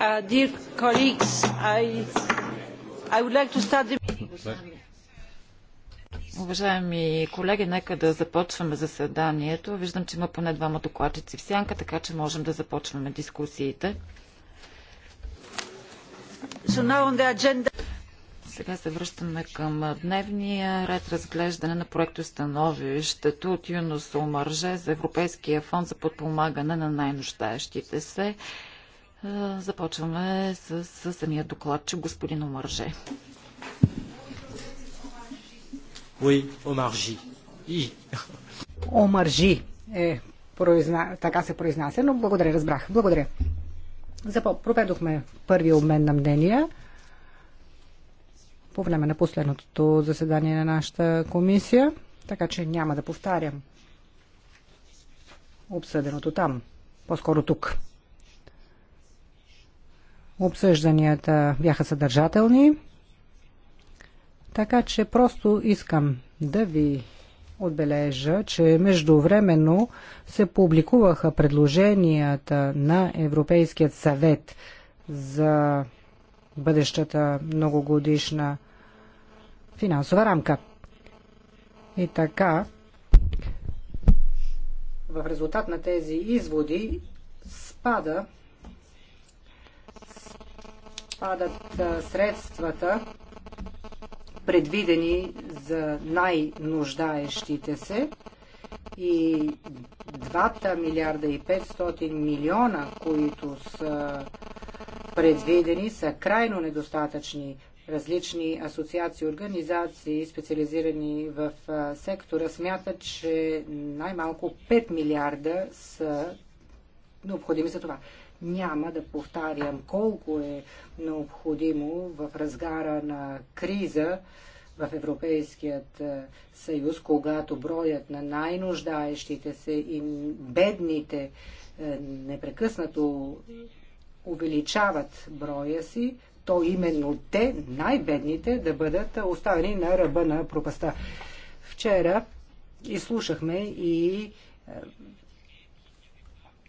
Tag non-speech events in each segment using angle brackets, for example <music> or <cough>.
Uh, dear colleagues, I, would like to start the... Уважаеми колеги, нека да започваме заседанието. Виждам, че има поне двама докладчици в сянка, така че можем да започваме дискусиите. Сега се връщаме към дневния ред разглеждане на проекто становището от Юнос Омърже за Европейския фонд за подпомагане на най-нуждаещите се. Започваме с, с самия докладчик, господин Омарже. Ой, Омаржи. Омаржи е, произна... така се произнася, но благодаря, разбрах. Благодаря. Запо... Проведохме първи обмен на мнения по време на последното заседание на нашата комисия, така че няма да повтарям обсъденото там, по-скоро тук. Обсъжданията бяха съдържателни, така че просто искам да ви отбележа, че междувременно се публикуваха предложенията на Европейският съвет за бъдещата многогодишна финансова рамка. И така, в резултат на тези изводи спада Падат средствата, предвидени за най-нуждаещите се и 2 милиарда и 500 милиона, които са предвидени, са крайно недостатъчни. Различни асоциации, организации, специализирани в сектора, смятат, че най-малко 5 милиарда са необходими за това. Няма да повтарям колко е необходимо в разгара на криза в Европейският е, съюз, когато броят на най-нуждаещите се и бедните е, непрекъснато увеличават броя си, то именно те, най-бедните, да бъдат оставени на ръба на пропаста. Вчера изслушахме и е,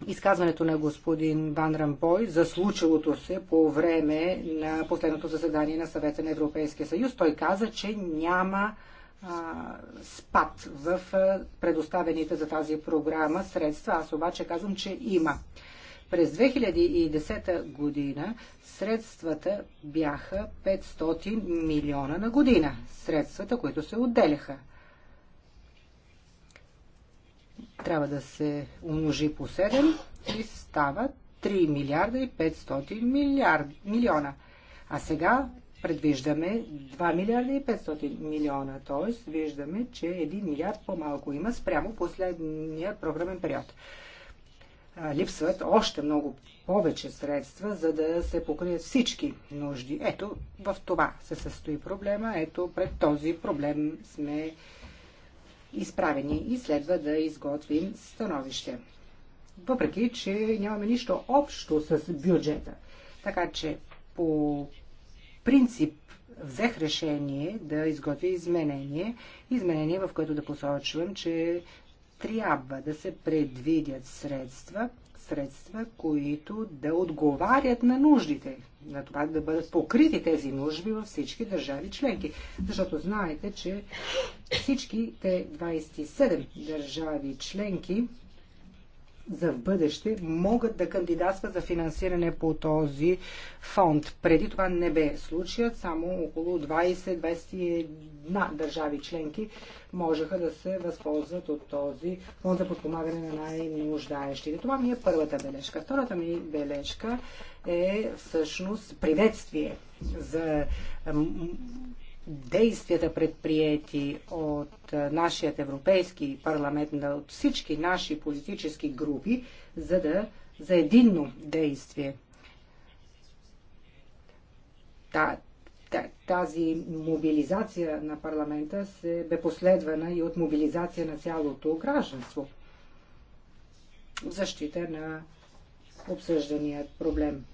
изказването на господин Ван Рампой за случилото се по време на последното заседание на съвета на Европейския съюз. Той каза, че няма а, спад в предоставените за тази програма средства. Аз обаче казвам, че има. През 2010 година средствата бяха 500 милиона на година. Средствата, които се отделяха трябва да се умножи по 7 и става 3 милиарда и 500 милиард, милиона. А сега предвиждаме 2 милиарда и 500 милиона, т.е. виждаме, че 1 милиард по-малко има спрямо последния програмен период. Липсват още много повече средства, за да се покрият всички нужди. Ето, в това се състои проблема, ето пред този проблем сме изправени и следва да изготвим становище. Въпреки, че нямаме нищо общо с бюджета. Така че по принцип взех решение да изготвя изменение, изменение в което да посочвам, че трябва да се предвидят средства средства, които да отговарят на нуждите, на това да бъдат покрити тези нужди във всички държави членки. Защото знаете, че всичките 27 държави членки за в бъдеще могат да кандидатстват за финансиране по този фонд. Преди това не бе случаят, само около 20-21 държави членки можеха да се възползват от този фонд за подпомагане на най-нуждаещите. Това ми е първата бележка. Втората ми бележка е всъщност приветствие за действията предприяти от нашият Европейски парламент, от всички наши политически групи, за да за единно действие. Та, тази мобилизация на парламента се бе последвана и от мобилизация на цялото гражданство в защита на обсъжданият проблем.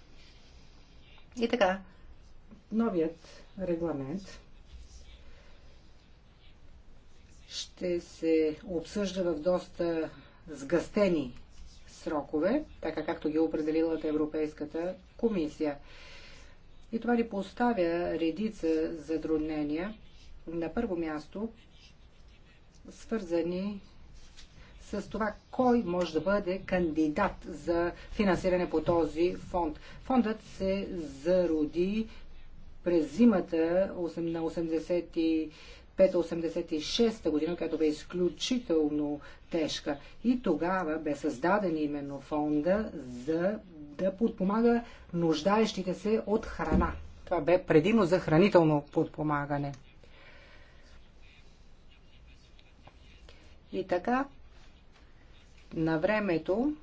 И така, новият регламент ще се обсъжда в доста сгъстени срокове, така както ги е определила Европейската комисия. И това ни поставя редица затруднения. На първо място, свързани с това кой може да бъде кандидат за финансиране по този фонд. Фондът се зароди през зимата на 586 86 година, която бе изключително тежка. И тогава бе създаден именно фонда за да подпомага нуждаещите се от храна. Това бе предимно за хранително подпомагане. И така, на времето,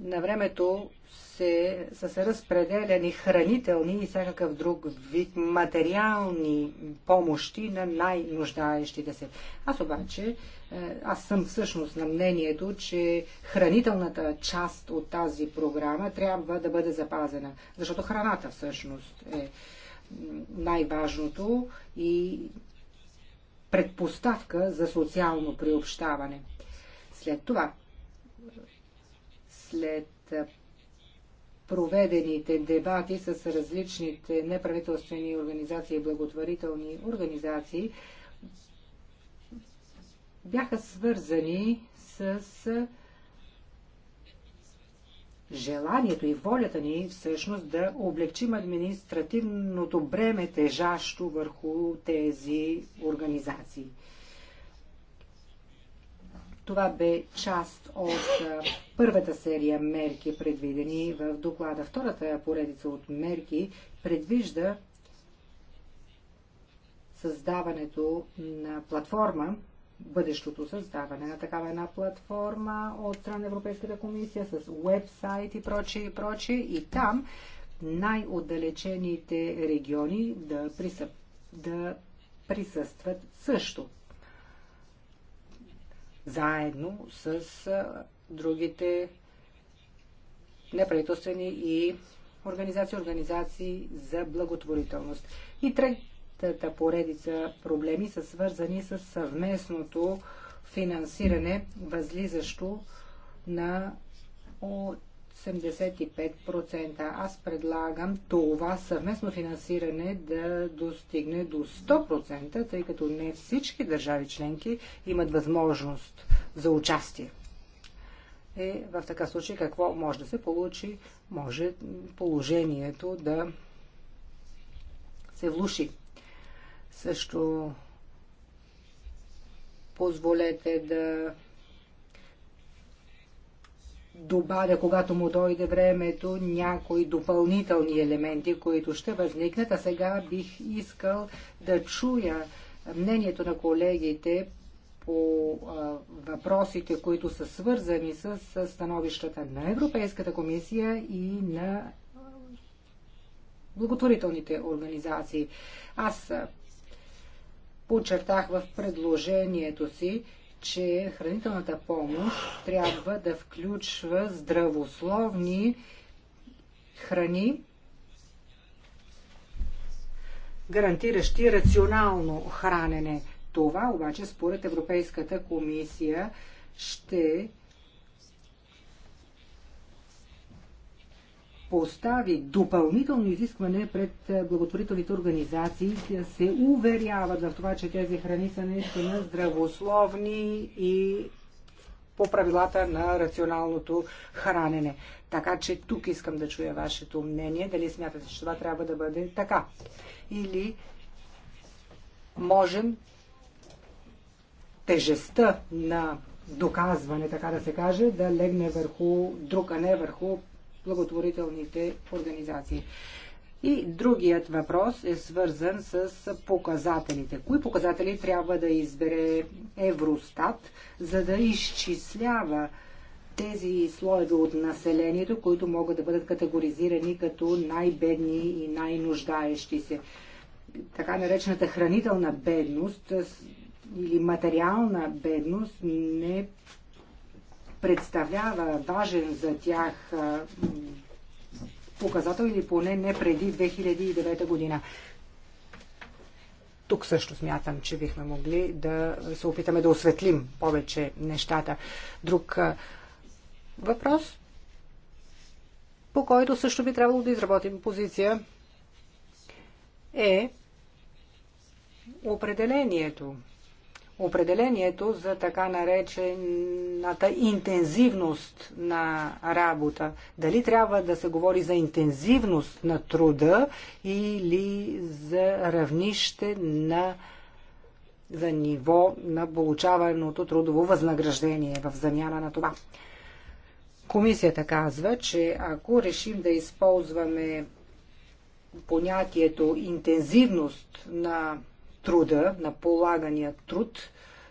на времето се, са се разпределяни хранителни и всякакъв друг вид материални помощи на най-нуждаещите се. Аз обаче, е, аз съм всъщност на мнението, че хранителната част от тази програма трябва да бъде запазена, защото храната всъщност е най-важното и предпоставка за социално приобщаване. След това, след проведените дебати с различните неправителствени организации и благотворителни организации бяха свързани с желанието и волята ни всъщност да облегчим административното бреме, тежащо върху тези организации. Това бе част от първата серия мерки, предвидени в доклада. Втората поредица от мерки предвижда създаването на платформа, бъдещото създаване на такава една платформа от страна на Европейската комисия с вебсайт и прочее и прочее и там най-отдалечените региони да, присъп, да присъстват също заедно с другите неправителствени и организации, организации за благотворителност. И третата поредица проблеми са свързани с съвместното финансиране, възлизащо на 75%. Аз предлагам това съвместно финансиране да достигне до 100%, тъй като не всички държави членки имат възможност за участие. Е, в така случай какво може да се получи? Може положението да се влуши. Също позволете да добавя, когато му дойде времето, някои допълнителни елементи, които ще възникнат. А сега бих искал да чуя мнението на колегите по а, въпросите, които са свързани с, с становищата на Европейската комисия и на благотворителните организации. Аз подчертах в предложението си, че хранителната помощ трябва да включва здравословни храни, гарантиращи рационално хранене. Това обаче според Европейската комисия ще постави допълнително изискване пред е, благотворителните организации да се уверяват в това, че тези храни са наистина здравословни и по правилата на рационалното хранене. Така че тук искам да чуя вашето мнение, дали смятате, че това трябва да бъде така. Или можем тежестта на доказване, така да се каже, да легне върху друг, а не върху благотворителните организации. И другият въпрос е свързан с показателите. Кои показатели трябва да избере Евростат, за да изчислява тези слоеве от населението, които могат да бъдат категоризирани като най-бедни и най-нуждаещи се. Така наречената хранителна бедност или материална бедност не представлява важен за тях показател или поне не преди 2009 година. Тук също смятам, че бихме могли да се опитаме да осветлим повече нещата. Друг въпрос, по който също би трябвало да изработим позиция, е определението определението за така наречената интензивност на работа. Дали трябва да се говори за интензивност на труда или за равнище на за ниво на получаваното трудово възнаграждение в замяна на това. Комисията казва, че ако решим да използваме понятието интензивност на труда, на полагания труд,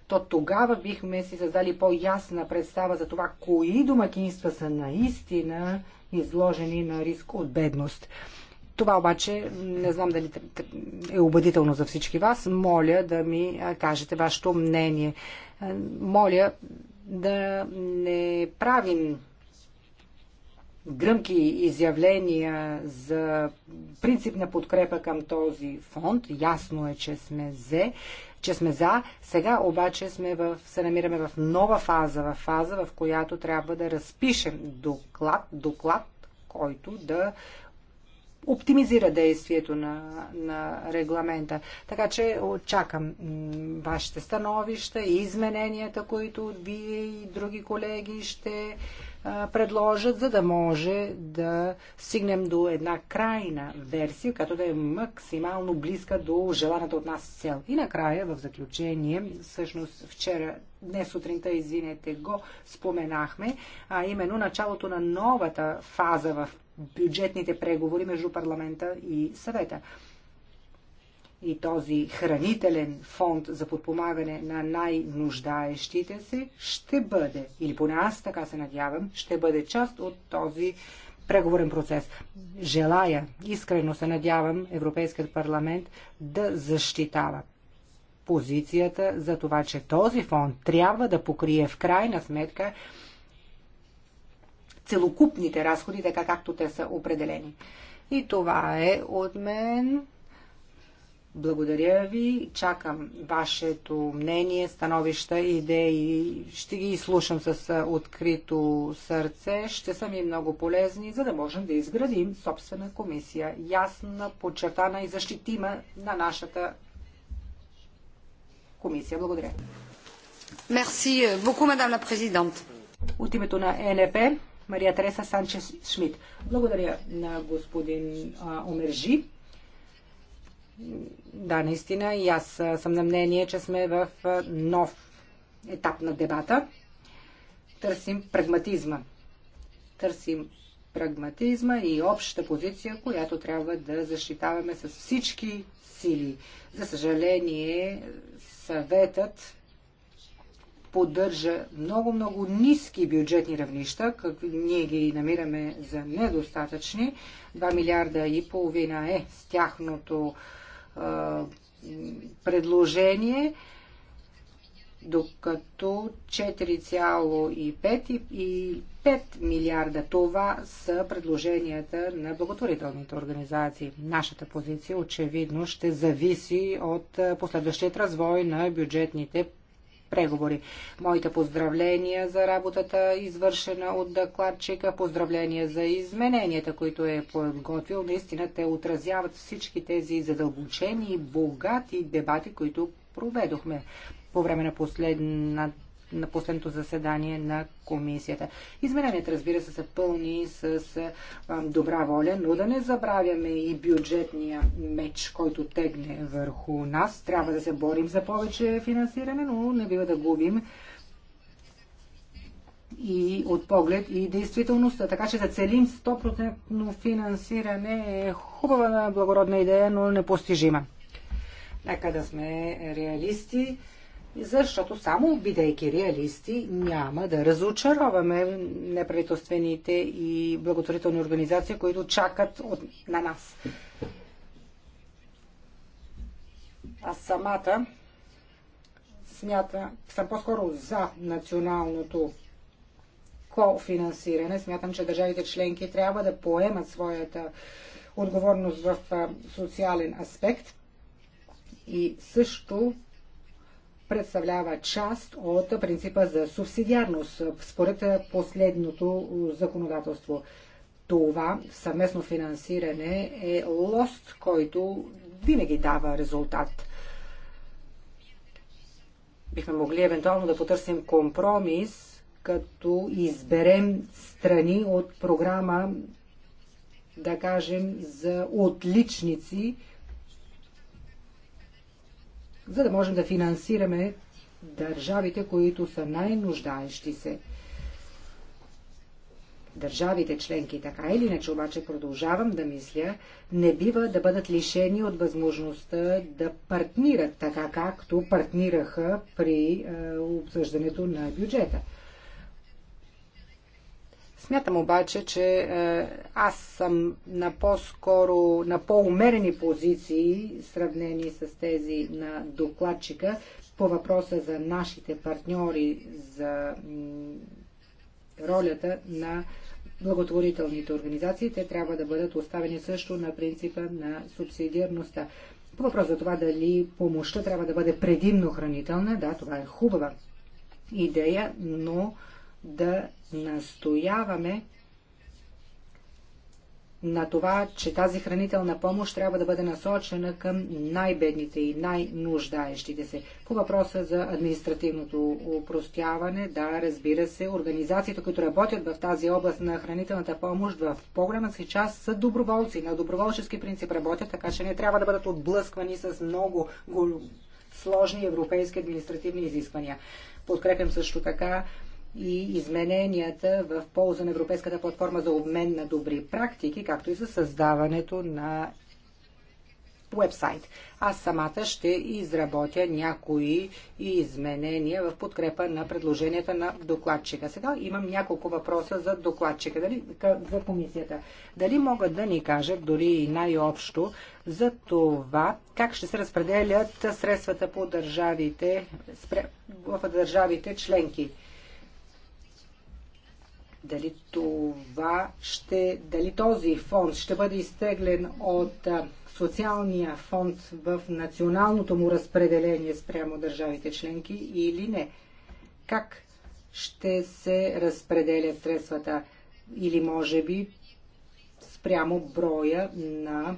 то тогава бихме си създали по-ясна представа за това, кои домакинства са наистина изложени на риск от бедност. Това обаче не знам дали е убедително за всички вас. Моля да ми кажете вашето мнение. Моля да не правим гръмки изявления за принципна подкрепа към този фонд. Ясно е, че сме зе, че сме за. Сега обаче сме в, се намираме в нова фаза, в фаза, в която трябва да разпишем доклад, доклад, който да оптимизира действието на, на регламента. Така че очакам вашите становища и измененията, които вие и други колеги ще предложат, за да може да стигнем до една крайна версия, която да е максимално близка до желаната от нас цел. И накрая, в заключение, всъщност вчера, днес сутринта, извинете, го споменахме, а именно началото на новата фаза в бюджетните преговори между парламента и съвета и този хранителен фонд за подпомагане на най-нуждаещите се ще бъде, или поне аз така се надявам, ще бъде част от този преговорен процес. Желая, искрено се надявам Европейският парламент да защитава позицията за това, че този фонд трябва да покрие в крайна сметка целокупните разходи, така както те са определени. И това е от мен. Благодаря ви. Чакам вашето мнение, становища, идеи. Ще ги изслушам с открито сърце. Ще са ми много полезни, за да можем да изградим собствена комисия. Ясна, подчертана и защитима на нашата комисия. Благодаря. Мерси euh, beaucoup, мадам ла президент. От името на ЕНП, Мария Тереса Санчес Шмидт. Благодаря на господин Омержи да, наистина и аз съм на мнение, че сме в нов етап на дебата. Търсим прагматизма. Търсим прагматизма и обща позиция, която трябва да защитаваме с всички сили. За съжаление, съветът поддържа много-много ниски бюджетни равнища, как ние ги намираме за недостатъчни. 2 милиарда и половина е с тяхното предложение, докато 4,5 и 5 милиарда. Това са предложенията на благотворителните организации. Нашата позиция очевидно ще зависи от последващият развой на бюджетните преговори. Моите поздравления за работата, извършена от докладчика, поздравления за измененията, които е подготвил. Наистина те отразяват всички тези задълбочени и богати дебати, които проведохме по време на последната на последното заседание на комисията. Измеренията, разбира се, са пълни с добра воля, но да не забравяме и бюджетния меч, който тегне върху нас. Трябва да се борим за повече финансиране, но не бива да губим и от поглед и действителността. Така че да целим 100% финансиране е хубава благородна идея, но непостижима. Нека да сме реалисти защото само бидейки реалисти няма да разочароваме неправителствените и благотворителни организации, които чакат от, на нас. Аз самата смята, съм по-скоро за националното кофинансиране. Смятам, че държавите членки трябва да поемат своята отговорност в социален аспект и също представлява част от принципа за субсидиарност според последното законодателство. Това съвместно финансиране е лост, който винаги дава резултат. Бихме могли евентуално да потърсим компромис, като изберем страни от програма, да кажем, за отличници, за да можем да финансираме държавите, които са най-нуждаещи се. Държавите членки, така или иначе, обаче продължавам да мисля, не бива да бъдат лишени от възможността да партнират, така както партнираха при е, обсъждането на бюджета. Смятам обаче, че е, аз съм на по-скоро, на по-умерени позиции, сравнени с тези на докладчика, по въпроса за нашите партньори, за ролята на благотворителните организации. Те трябва да бъдат оставени също на принципа на субсидиарността. По въпрос за това дали помощта трябва да бъде предимно хранителна, да, това е хубава идея, но да настояваме на това, че тази хранителна помощ трябва да бъде насочена към най-бедните и най-нуждаещите се. По въпроса за административното упростяване, да, разбира се, организациите, които работят в тази област на хранителната помощ, в по-голяма си част са доброволци. На доброволчески принцип работят, така че не трябва да бъдат отблъсквани с много сложни европейски административни изисквания. Подкрепям също така и измененията в полза на Европейската платформа за обмен на добри практики, както и за създаването на вебсайт. Аз самата ще изработя някои изменения в подкрепа на предложенията на докладчика. Сега имам няколко въпроса за докладчика, дали, за комисията. Дали могат да ни кажат, дори и най-общо, за това как ще се разпределят средствата по държавите, в държавите членки? Дали това ще, дали този фонд ще бъде изтеглен от социалния фонд в националното му разпределение спрямо държавите членки или не? Как ще се разпределят средствата или може би спрямо броя на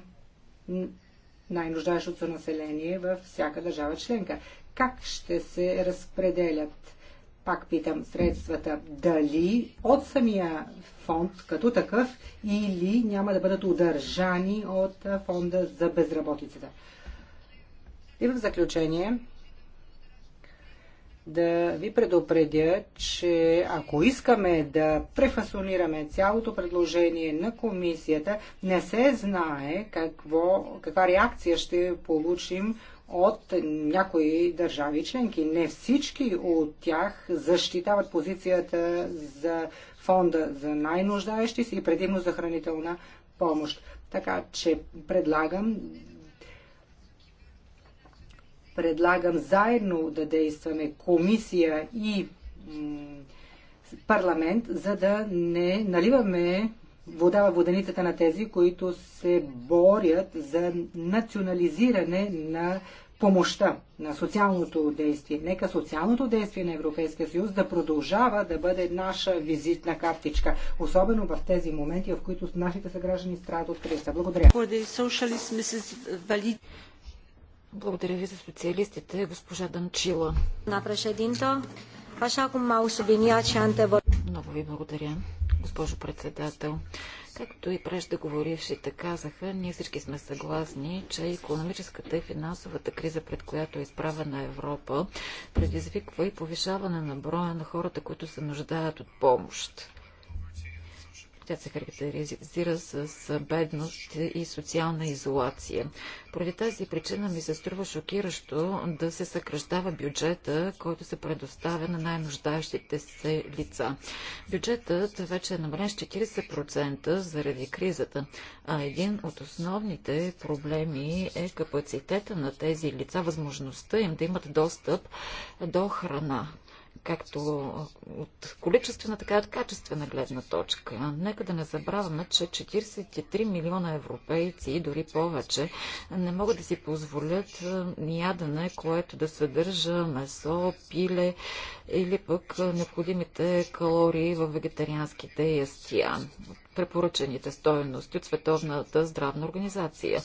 най-нуждаещото население във всяка държава членка. Как ще се разпределят пак питам, средствата дали от самия фонд като такъв или няма да бъдат удържани от фонда за безработицата. И в заключение да ви предупредя, че ако искаме да префасонираме цялото предложение на комисията, не се знае какво, каква реакция ще получим от някои държави членки. Не всички от тях защитават позицията за фонда за най-нуждаещи се и предимно за хранителна помощ. Така че предлагам предлагам заедно да действаме комисия и парламент, за да не наливаме вода във воденицата на тези, които се борят за национализиране на помощта на социалното действие. Нека социалното действие на Европейския съюз да продължава да бъде наша визитна картичка, особено в тези моменти, в които нашите съграждани страдат от криза. Благодаря. Благодаря ви за специалистите, госпожа Данчила. На președинто, așa cum au subliniat și Много ви благодаря госпожо председател. Както и преждеговорившите казаха, ние всички сме съгласни, че економическата и финансовата криза, пред която е изправена Европа, предизвиква и повишаване на броя на хората, които се нуждаят от помощ. Тя се характеризира с бедност и социална изолация. Поради тази причина ми се струва шокиращо да се съкръщава бюджета, който се предоставя на най-нуждаещите се лица. Бюджетът вече е намален с 40% заради кризата, а един от основните проблеми е капацитета на тези лица, възможността им да имат достъп до храна както от количествена, така и от качествена гледна точка. Нека да не забравяме, че 43 милиона европейци и дори повече не могат да си позволят е, ядене, което да съдържа месо, пиле или пък е, необходимите калории в вегетарианските ястия препоръчените стоености от Световната здравна организация.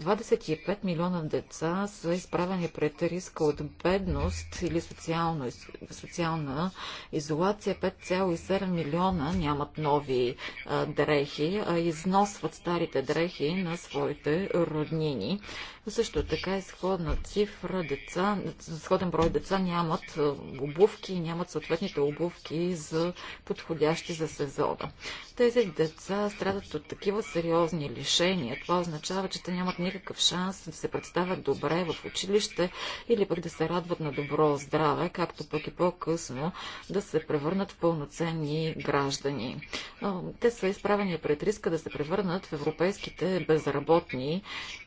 25 милиона деца са изправени пред риска от бедност или социално, социална изолация. 5,7 милиона нямат нови а, дрехи, а износват старите дрехи на своите роднини. Също така сходна цифра деца, сходен брой деца нямат обувки нямат съответните обувки за подходящи за сезона тези деца страдат от такива сериозни лишения, това означава, че те нямат никакъв шанс да се представят добре в училище или пък да се радват на добро здраве, както пък и по-късно да се превърнат в пълноценни граждани. Те са изправени пред риска да се превърнат в европейските безработни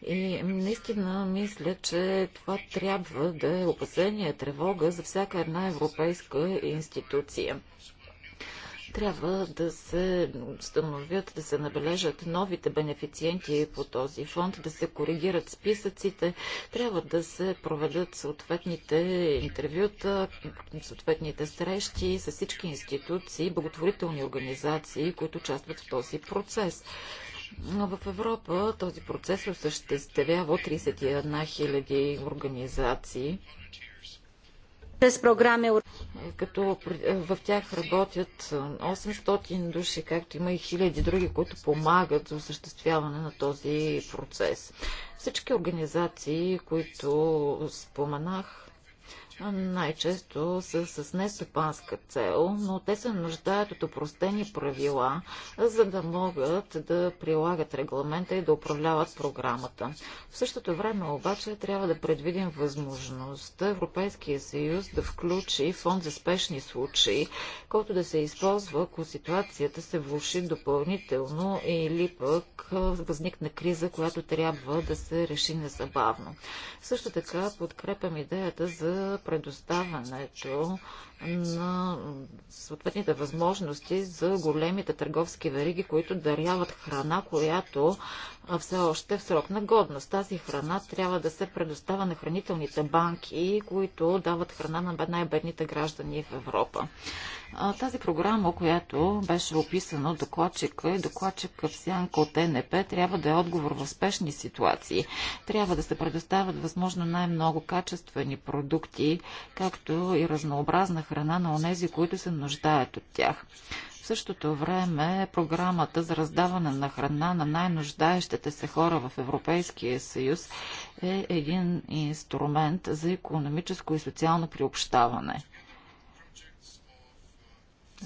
и наистина мисля, че това трябва да е опасение, тревога за всяка една европейска институция. Трябва да се установят, да се набележат новите бенефициенти по този фонд, да се коригират списъците, трябва да се проведат съответните интервюта, съответните срещи с всички институции, благотворителни организации, които участват в този процес. Но в Европа този процес осъществява 31 000 организации чрез програми. Е, като в тях работят 800 души, както има и хиляди други, които помагат за осъществяване на този процес. Всички организации, които споменах, най-често са с нестопанска цел, но те се нуждаят от упростени правила, за да могат да прилагат регламента и да управляват програмата. В същото време обаче трябва да предвидим възможност Европейския съюз да включи фонд за спешни случаи, който да се използва, ако ситуацията се влуши допълнително или пък възникне криза, която трябва да се реши незабавно. Също така подкрепям идеята за предоставянето на съответните възможности за големите търговски вериги, които даряват храна, която все още е в срок на годност. Тази храна трябва да се предоставя на хранителните банки, които дават храна на най-бедните граждани в Европа тази програма, която беше описана от докладчика и докладчика в сянка от НП, трябва да е отговор в спешни ситуации. Трябва да се предоставят възможно най-много качествени продукти, както и разнообразна храна на онези, които се нуждаят от тях. В същото време програмата за раздаване на храна на най-нуждаещите се хора в Европейския съюз е един инструмент за економическо и социално приобщаване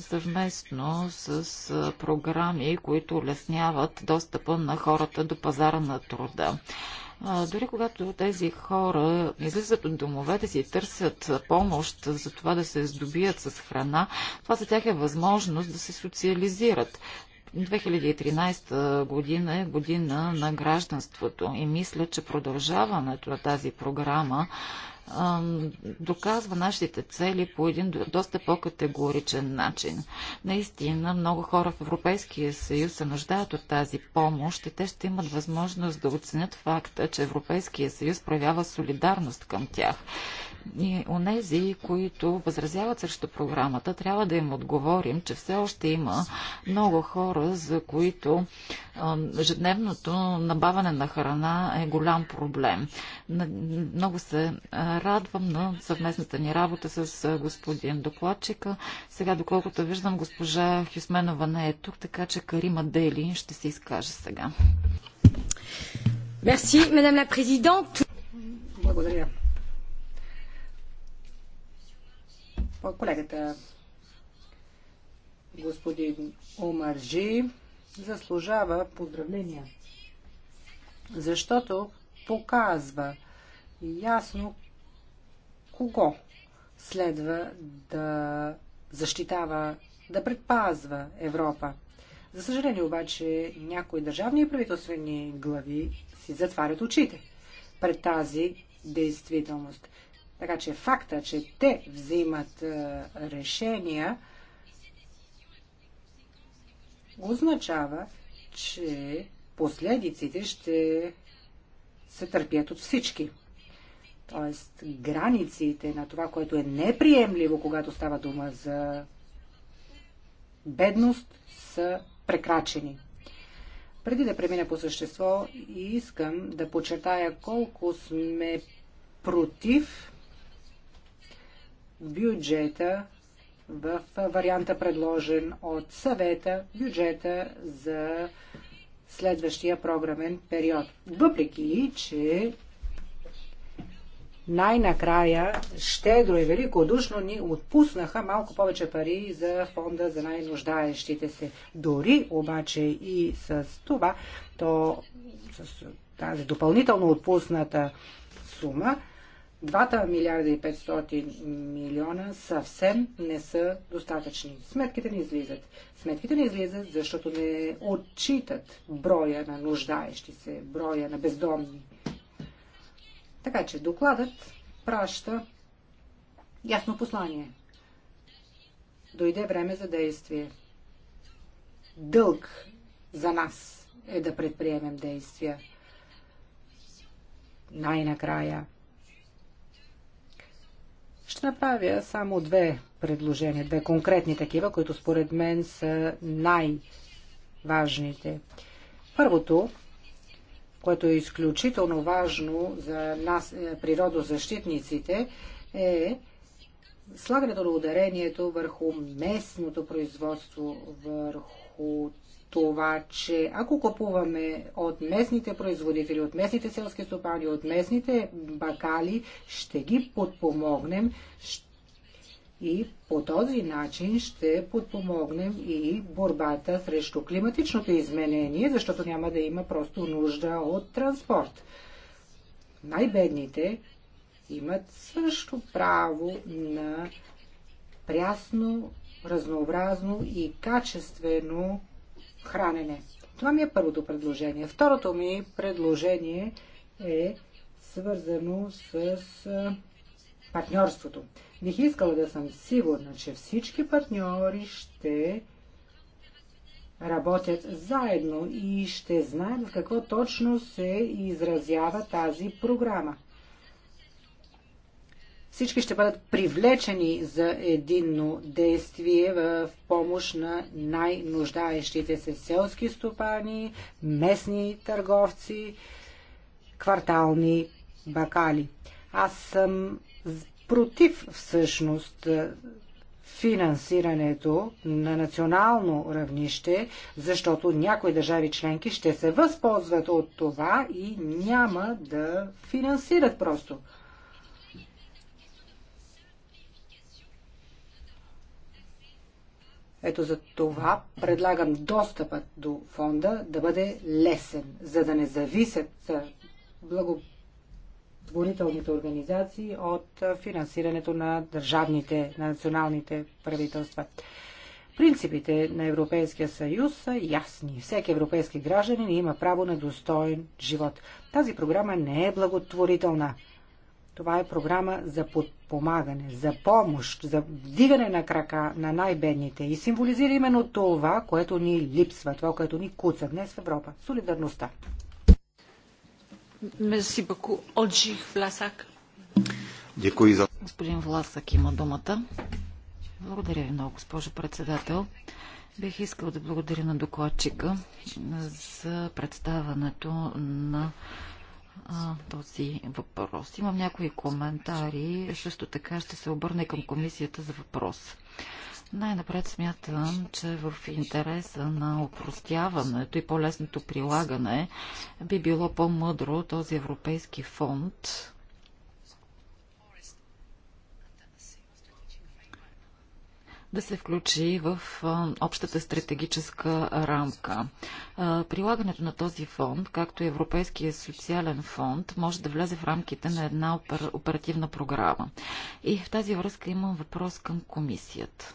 съвместно с програми, които улесняват достъпа на хората до пазара на труда. А, дори когато тези хора излизат от домовете си и търсят помощ за това да се здобият с храна, това за тях е възможност да се социализират. 2013 година е година на гражданството и мисля, че продължаването на тази програма доказва нашите цели по един доста по-категоричен начин. Наистина, много хора в Европейския съюз се нуждаят от тази помощ и те ще имат възможност да оценят факта, че Европейския съюз проявява солидарност към тях. И онези, които възразяват срещу програмата, трябва да им отговорим, че все още има много хора, за които ежедневното набаване на храна е голям проблем. Много се радвам на съвместната ни работа с господин докладчика. Сега, доколкото виждам, госпожа Хюсменова не е тук, така че Карима Дели ще се изкаже сега. Мерси, Madame la Благодаря, колегата господин Омаржи заслужава поздравления, защото показва ясно кого следва да защитава, да предпазва Европа. За съжаление обаче някои държавни и правителствени глави си затварят очите пред тази действителност. Така че факта, че те взимат е, решения, означава, че последиците ще се търпят от всички. Тоест, границите на това, което е неприемливо, когато става дума за бедност, са прекрачени. Преди да премина по същество, искам да подчертая колко сме против бюджета в варианта предложен от съвета бюджета за следващия програмен период. Въпреки, че най-накрая щедро и великодушно ни отпуснаха малко повече пари за фонда за най-нуждаещите се. Дори обаче и с това, то с тази допълнително отпусната сума, Двата милиарда и 500 милиона съвсем не са достатъчни. Сметките не излизат. Сметките не излизат, защото не отчитат броя на нуждаещи се, броя на бездомни. Така че докладът праща ясно послание. Дойде време за действие. Дълг за нас е да предприемем действия. Най-накрая – ще направя само две предложения, две конкретни такива, които според мен са най-важните. Първото, което е изключително важно за нас, е, природозащитниците, е слагането на ударението върху местното производство, върху това, че ако купуваме от местните производители, от местните селски стопани, от местните бакали, ще ги подпомогнем и по този начин ще подпомогнем и борбата срещу климатичното изменение, защото няма да има просто нужда от транспорт. Най-бедните имат също право на прясно, разнообразно и качествено хранене. Това ми е първото предложение. Второто ми предложение е свързано с партньорството. Бих искала да съм сигурна, че всички партньори ще работят заедно и ще знаят в какво точно се изразява тази програма всички ще бъдат привлечени за единно действие в помощ на най-нуждаещите се селски стопани, местни търговци, квартални бакали. Аз съм против всъщност е, финансирането на национално равнище, защото някои държави членки ще се възползват от това и няма да финансират просто. Ето за това предлагам достъпът до фонда да бъде лесен, за да не зависят благотворителните организации от финансирането на държавните, на националните правителства. Принципите на Европейския съюз са ясни. Всеки европейски гражданин има право на достоен живот. Тази програма не е благотворителна. Това е програма за подпомагане, за помощ, за вдигане на крака на най-бедните и символизира именно това, което ни липсва, това, което ни куца днес в Европа – солидарността. Мерси баку. Отжих Власак. Дякую за... Господин Власак има думата. Благодаря ви много, госпожо председател. Бих искал да благодаря на докладчика за представането на а, този въпрос. Имам някои коментари. Също така ще се обърне към комисията за въпрос. Най-напред смятам, че в интереса на опростяването и по-лесното прилагане би било по-мъдро този европейски фонд да се включи в общата стратегическа рамка. Прилагането на този фонд, както и Европейския социален фонд, може да влезе в рамките на една оперативна програма. И в тази връзка имам въпрос към комисията.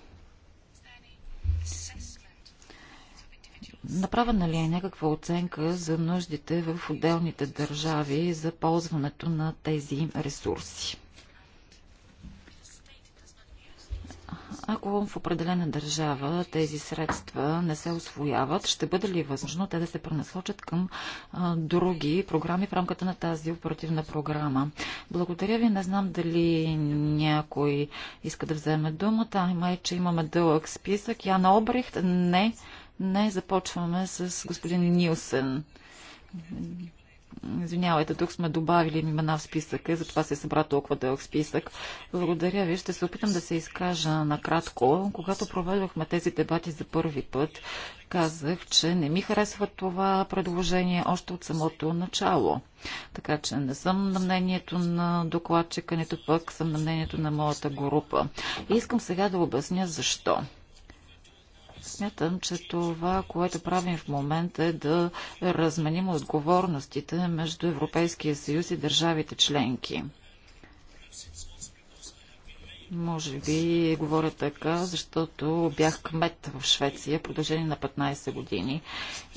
Направена ли е някаква оценка за нуждите в отделните държави за ползването на тези ресурси? Ако в определена държава тези средства не се освояват, ще бъде ли възможно те да се пренасочат към а, други програми в рамката на тази оперативна програма? Благодаря ви. Не знам дали някой иска да вземе думата. Ай, май, че имаме дълъг списък. Яна Обрехт? Не. Не. Започваме с господин Нилсен. Извинявайте, тук сме добавили имена в списъка и затова се е събра толкова дълъг списък. Благодаря ви. Ще се опитам да се изкажа накратко. Когато проведохме тези дебати за първи път, казах, че не ми харесва това предложение още от самото начало. Така че не съм на мнението на докладчика, нито пък съм на мнението на моята група. И искам сега да обясня защо. Смятам, че това, което правим в момента е да разменим отговорностите между Европейския съюз и държавите членки. Може би говоря така, защото бях кмет в Швеция в продължение на 15 години.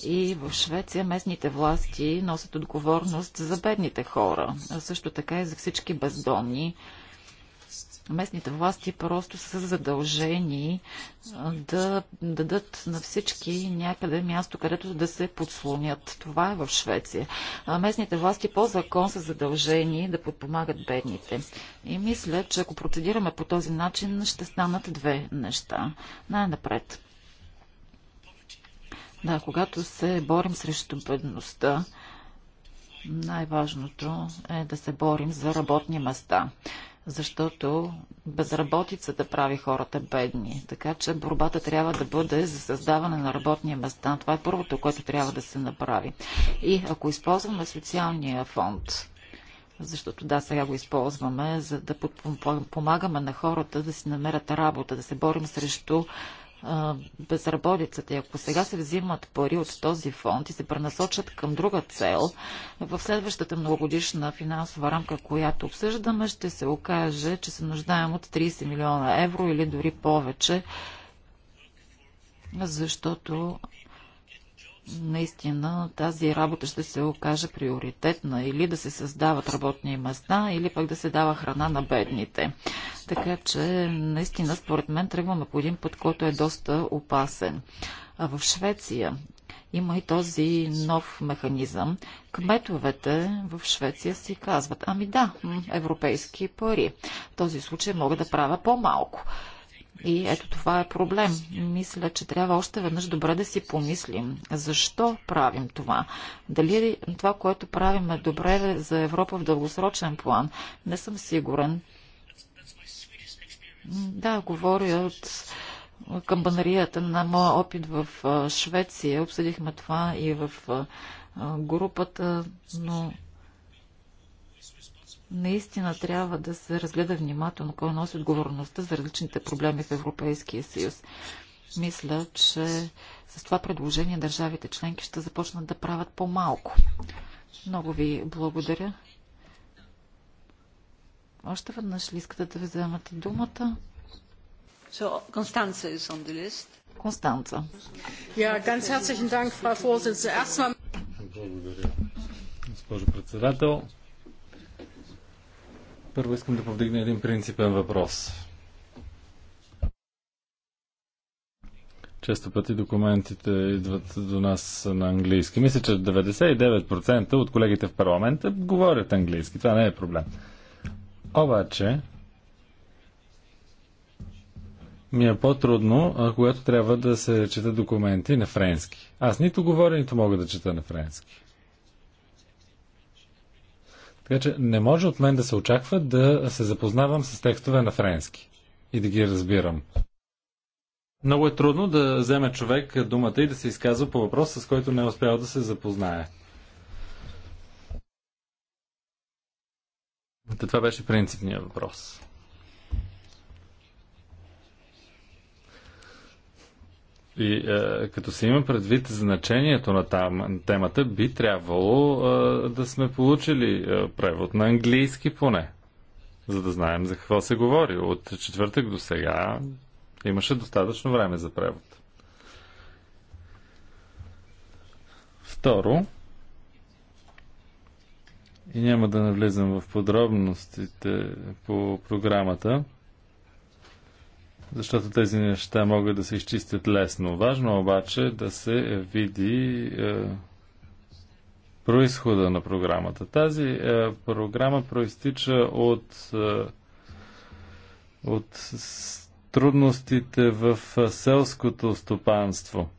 И в Швеция местните власти носят отговорност за бедните хора, а също така и за всички бездомни, местните власти просто са задължени да дадат на всички някъде място, където да се подслонят. Това е в Швеция. Местните власти по закон са задължени да подпомагат бедните. И мисля, че ако процедираме по този начин, ще станат две неща. Най-напред. Да, когато се борим срещу бедността, най-важното е да се борим за работни места защото безработицата прави хората бедни. Така че борбата трябва да бъде за създаване на работни места. Това е първото, което трябва да се направи. И ако използваме социалния фонд, защото да, сега го използваме, за да помагаме на хората да си намерят работа, да се борим срещу а, безработицата. И ако сега се взимат пари от този фонд и се пренасочат към друга цел, в следващата многогодишна финансова рамка, която обсъждаме, ще се окаже, че се нуждаем от 30 милиона евро или дори повече, защото наистина тази работа ще се окаже приоритетна или да се създават работни места, или пък да се дава храна на бедните. Така че, наистина, според мен, тръгваме по един път, който е доста опасен. А в Швеция има и този нов механизъм. Кметовете в Швеция си казват, ами да, европейски пари. В този случай мога да правя по-малко. И ето това е проблем. Мисля, че трябва още веднъж добре да си помислим защо правим това. Дали това, което правим е добре за Европа в дългосрочен план, не съм сигурен. Да, говоря от камбанарията на моя опит в Швеция. Обсъдихме това и в групата, но наистина трябва да се разгледа внимателно кой носи отговорността за различните проблеми в Европейския съюз. Мисля, че с това предложение държавите членки ще започнат да правят по-малко. Много ви благодаря. Още веднъж ли искате да ви вземате думата? Констанца Констанца. Благодаря, госпожо председател. Първо искам да повдигна един принципен въпрос. Често пъти документите идват до нас на английски. Мисля, че 99% от колегите в парламента говорят английски. Това не е проблем. Обаче, ми е по-трудно, когато трябва да се чета документи на френски. Аз нито говоря, нито мога да чета на френски. Така че не може от мен да се очаква да се запознавам с текстове на френски и да ги разбирам. Много е трудно да вземе човек думата и да се изказва по въпрос, с който не е успял да се запознае. това беше принципният въпрос. И е, като се има предвид значението на там, темата, би трябвало е, да сме получили е, превод на английски поне, за да знаем за какво се говори. От четвъртък до сега имаше достатъчно време за превод. Второ, и няма да навлизам в подробностите по програмата, защото тези неща могат да се изчистят лесно. Важно е обаче да се види е, происхода на програмата. Тази е, програма проистича от, е, от трудностите в е, селското стопанство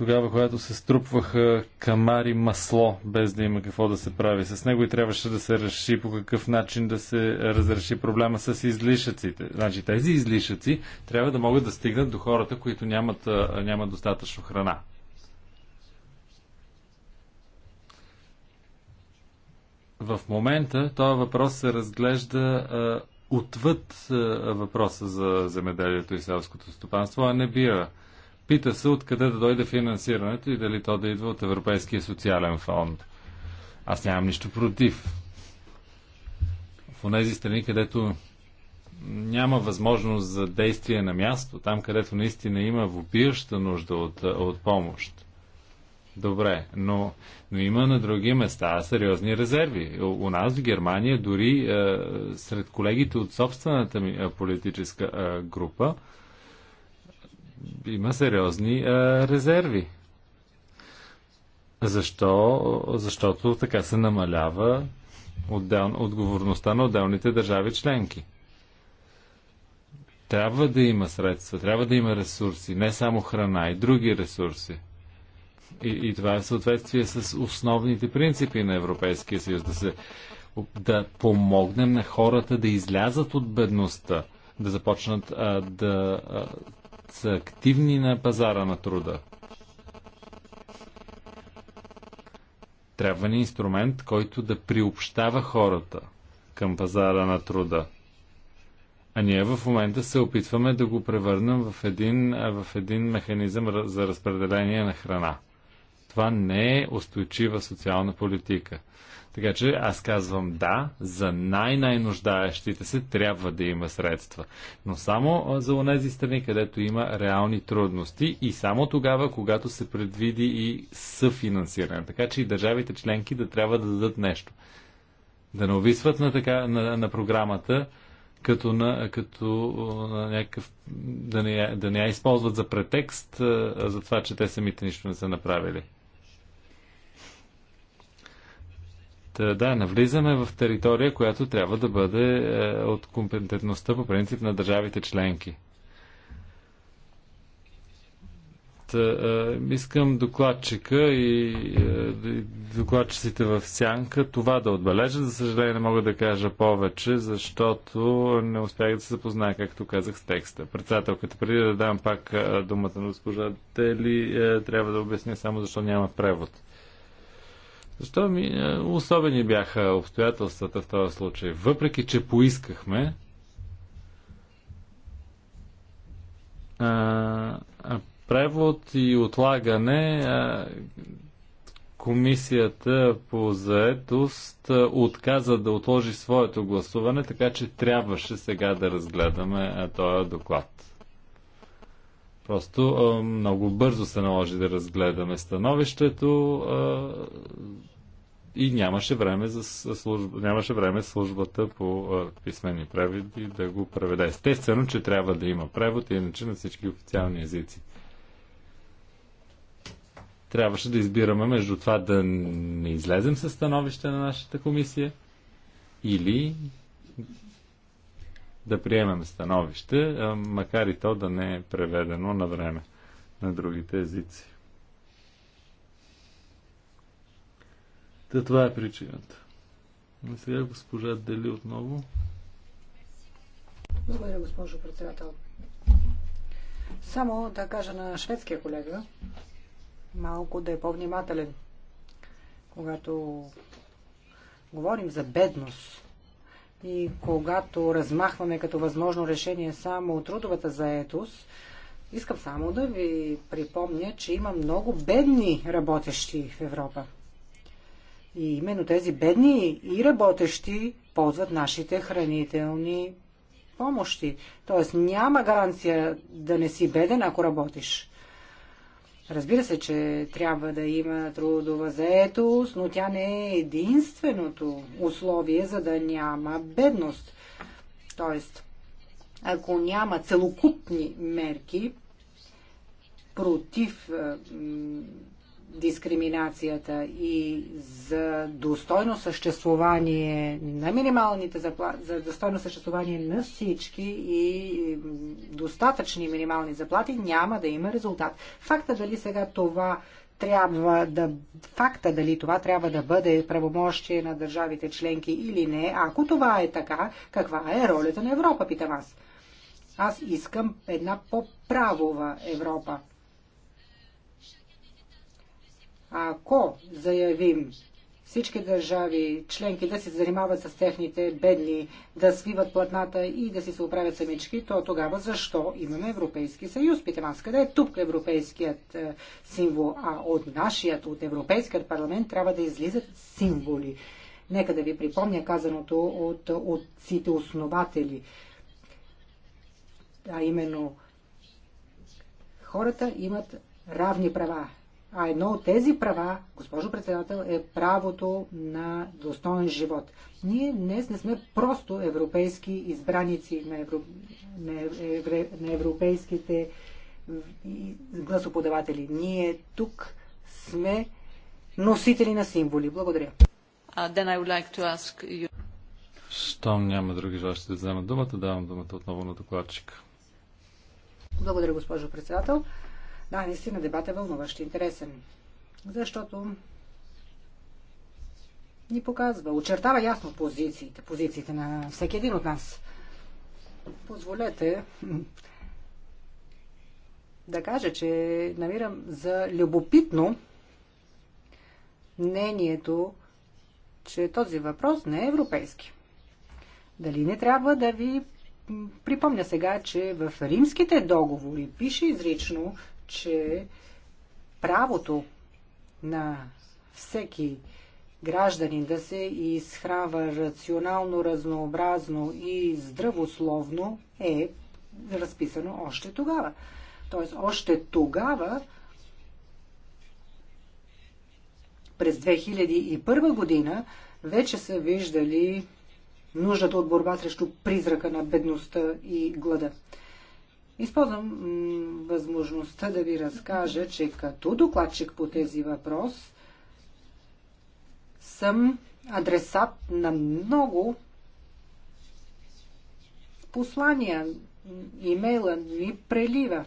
тогава, когато се струпваха камари масло, без да има какво да се прави с него и трябваше да се реши по какъв начин да се разреши проблема с излишъците. Значи тези излишъци трябва да могат да стигнат до хората, които нямат, нямат достатъчно храна. В момента този въпрос се разглежда а, отвъд а, въпроса за земеделието и селското стопанство, а не бива Пита се откъде да дойде финансирането и дали то да идва от Европейския социален фонд. Аз нямам нищо против. В тези страни, където няма възможност за действие на място, там където наистина има вопиеща нужда от, от помощ. Добре, но, но има на други места сериозни резерви. У, нас в Германия, дори е, сред колегите от собствената ми е, политическа е, група, има сериозни а, е, резерви. Защо? Защото така се намалява отдел... отговорността на отделните държави членки. Трябва да има средства, трябва да има ресурси, не само храна и други ресурси. И, и това е в съответствие с основните принципи на Европейския съюз. Да, се, да помогнем на хората да излязат от бедността, да започнат а, да а, са активни на пазара на труда. Трябва ни инструмент, който да приобщава хората към пазара на труда. А ние в момента се опитваме да го превърнем в един, в един механизъм за разпределение на храна. Това не е устойчива социална политика. Така че аз казвам да, за най-най-нуждаещите се трябва да има средства. Но само за онези страни, където има реални трудности и само тогава, когато се предвиди и съфинансиране. Така че и държавите членки да трябва да дадат нещо. Да не увисват на, така, на, на програмата, като на, като на някакъв, да не, я, да не я използват за претекст, за това, че те самите нищо не са направили. Та, е, да, навлизаме в територия, която трябва да бъде е, от компетентността по принцип на държавите членки. Е, искам докладчика и, е, и докладчиците в сянка това да отбележа. За съжаление не мога да кажа повече, защото не успях да се запозная, както казах, с текста. Председателката, преди да дам пак думата на госпожа Тели, трябва да обясня само защо няма превод. Защо ми, е, особени бяха обстоятелствата в този случай. Въпреки, че поискахме, а, превод и отлагане а, комисията по заетост отказа да отложи своето гласуване, така че трябваше сега да разгледаме този доклад. Просто а, много бързо се наложи да разгледаме становището а, и нямаше време, за служба, нямаше време службата по а, писмени преводи да го преведе. Естествено, че трябва да има превод, иначе на всички официални езици. Трябваше да избираме между това да не излезем със становище на нашата комисия или да приемем становище, макар и то да не е преведено на време на другите езици. Та това е причината. А сега госпожа Дели отново. Благодаря, госпожо председател. Само да кажа на шведския колега, малко да е по-внимателен, когато говорим за бедност и когато размахваме като възможно решение само трудовата заетост, искам само да ви припомня, че има много бедни работещи в Европа. И именно тези бедни и работещи ползват нашите хранителни помощи. Тоест няма гаранция да не си беден, ако работиш. Разбира се, че трябва да има трудова заетост, но тя не е единственото условие, за да няма бедност. Тоест, ако няма целокупни мерки против дискриминацията и за достойно съществуване на минималните заплати, за достойно съществуване на всички и достатъчни минимални заплати няма да има резултат. Факта дали сега това трябва да, факта дали това трябва да бъде правомощие на държавите членки или не, ако това е така, каква е ролята на Европа, питам аз. Аз искам една по-правова Европа. Ако заявим всички държави членки да се занимават с техните бедни, да свиват платната и да си се оправят самички, то тогава защо имаме Европейски съюз? Питам аз, къде е тук европейският е, символ? А от нашият, от Европейският парламент трябва да излизат символи. Нека да ви припомня казаното от отците основатели, а именно хората имат равни права, а едно от тези права, госпожо председател, е правото на достоен живот. Ние днес не сме просто европейски избраници на, евро... на, евре... на европейските гласоподаватели. Ние тук сме носители на символи. Благодаря. Uh, then I would like to ask you... Щом няма други желащи да вземат думата, давам думата отново на докладчика. Благодаря, госпожо председател. Uh, да, наистина дебат е вълнуващ, интересен. Защото ни показва, очертава ясно позициите, позициите на всеки един от нас. Позволете да кажа, че намирам за любопитно мнението, че този въпрос не е европейски. Дали не трябва да ви припомня сега, че в римските договори пише изрично, че правото на всеки гражданин да се изхрава рационално, разнообразно и здравословно е разписано още тогава. Тоест, още тогава, през 2001 година, вече са виждали нуждата от борба срещу призрака на бедността и глада. Използвам възможността да ви разкажа, че като докладчик по тези въпрос съм адресат на много послания. Имейла ми прелива.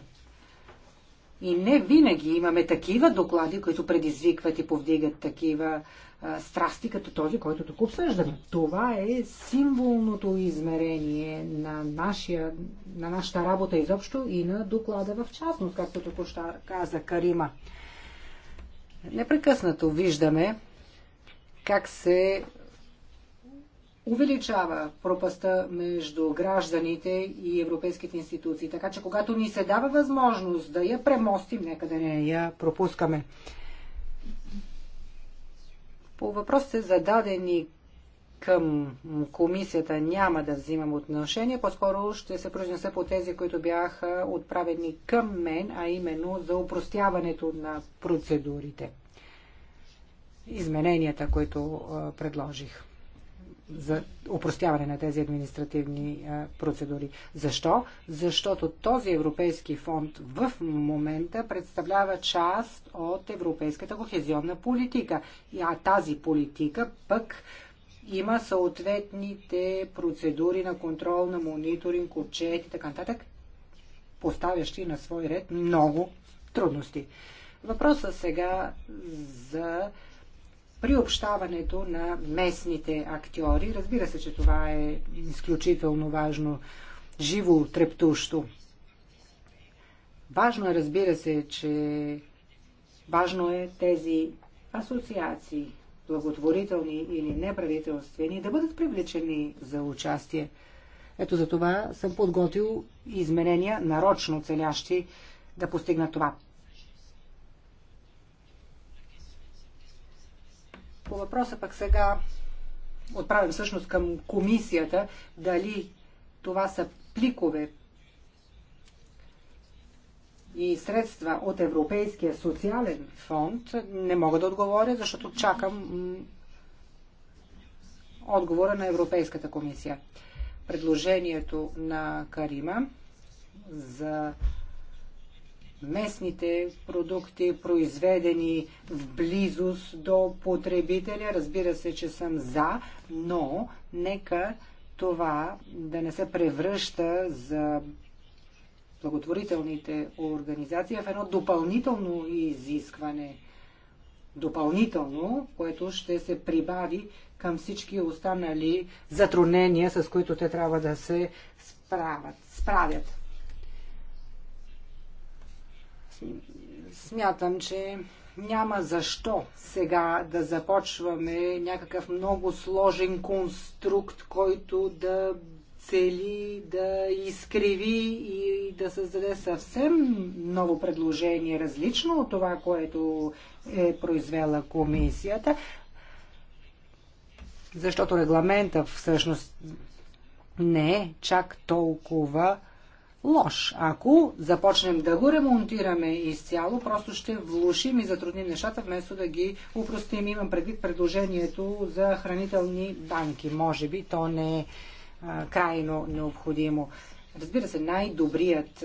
И не винаги имаме такива доклади, които предизвикват и повдигат такива а, страсти, като този, който тук обсъждаме. Това е символното измерение на, нашия, на нашата работа изобщо и на доклада в частност, както тук що каза Карима. Непрекъснато виждаме как се увеличава пропаста между гражданите и европейските институции. Така че когато ни се дава възможност да я премостим, нека да не я пропускаме. По въпросите зададени към комисията няма да взимам отношение, по-скоро ще се произнеса по тези, които бяха отправени към мен, а именно за упростяването на процедурите. Измененията, които предложих за упростяване на тези административни е, процедури. Защо? Защото този европейски фонд в момента представлява част от европейската кохезионна политика. А тази политика пък има съответните процедури на контрол, на мониторинг, отчет и така нататък, поставящи на свой ред много трудности. Въпросът сега за приобщаването на местните актьори. Разбира се, че това е изключително важно, живо, трептущо. Важно е, разбира се, че важно е тези асоциации, благотворителни или неправителствени, да бъдат привлечени за участие. Ето за това съм подготвил изменения, нарочно целящи да постигна това. По въпроса пък сега отправям всъщност към комисията дали това са пликове и средства от Европейския социален фонд, не мога да отговоря, защото чакам отговора на Европейската комисия. Предложението на Карима за местните продукти, произведени в близост до потребителя. Разбира се, че съм за, но нека това да не се превръща за благотворителните организации в едно допълнително изискване. Допълнително, което ще се прибави към всички останали затруднения, с които те трябва да се справят. справят. Смятам, че няма защо сега да започваме някакъв много сложен конструкт, който да цели да изкриви и да създаде съвсем ново предложение, различно от това, което е произвела комисията, защото регламента всъщност не е чак толкова лош. Ако започнем да го ремонтираме изцяло, просто ще влушим и затрудним нещата, вместо да ги упростим. Имам предвид предложението за хранителни банки. Може би то не е а, крайно необходимо. Разбира се, най-добрият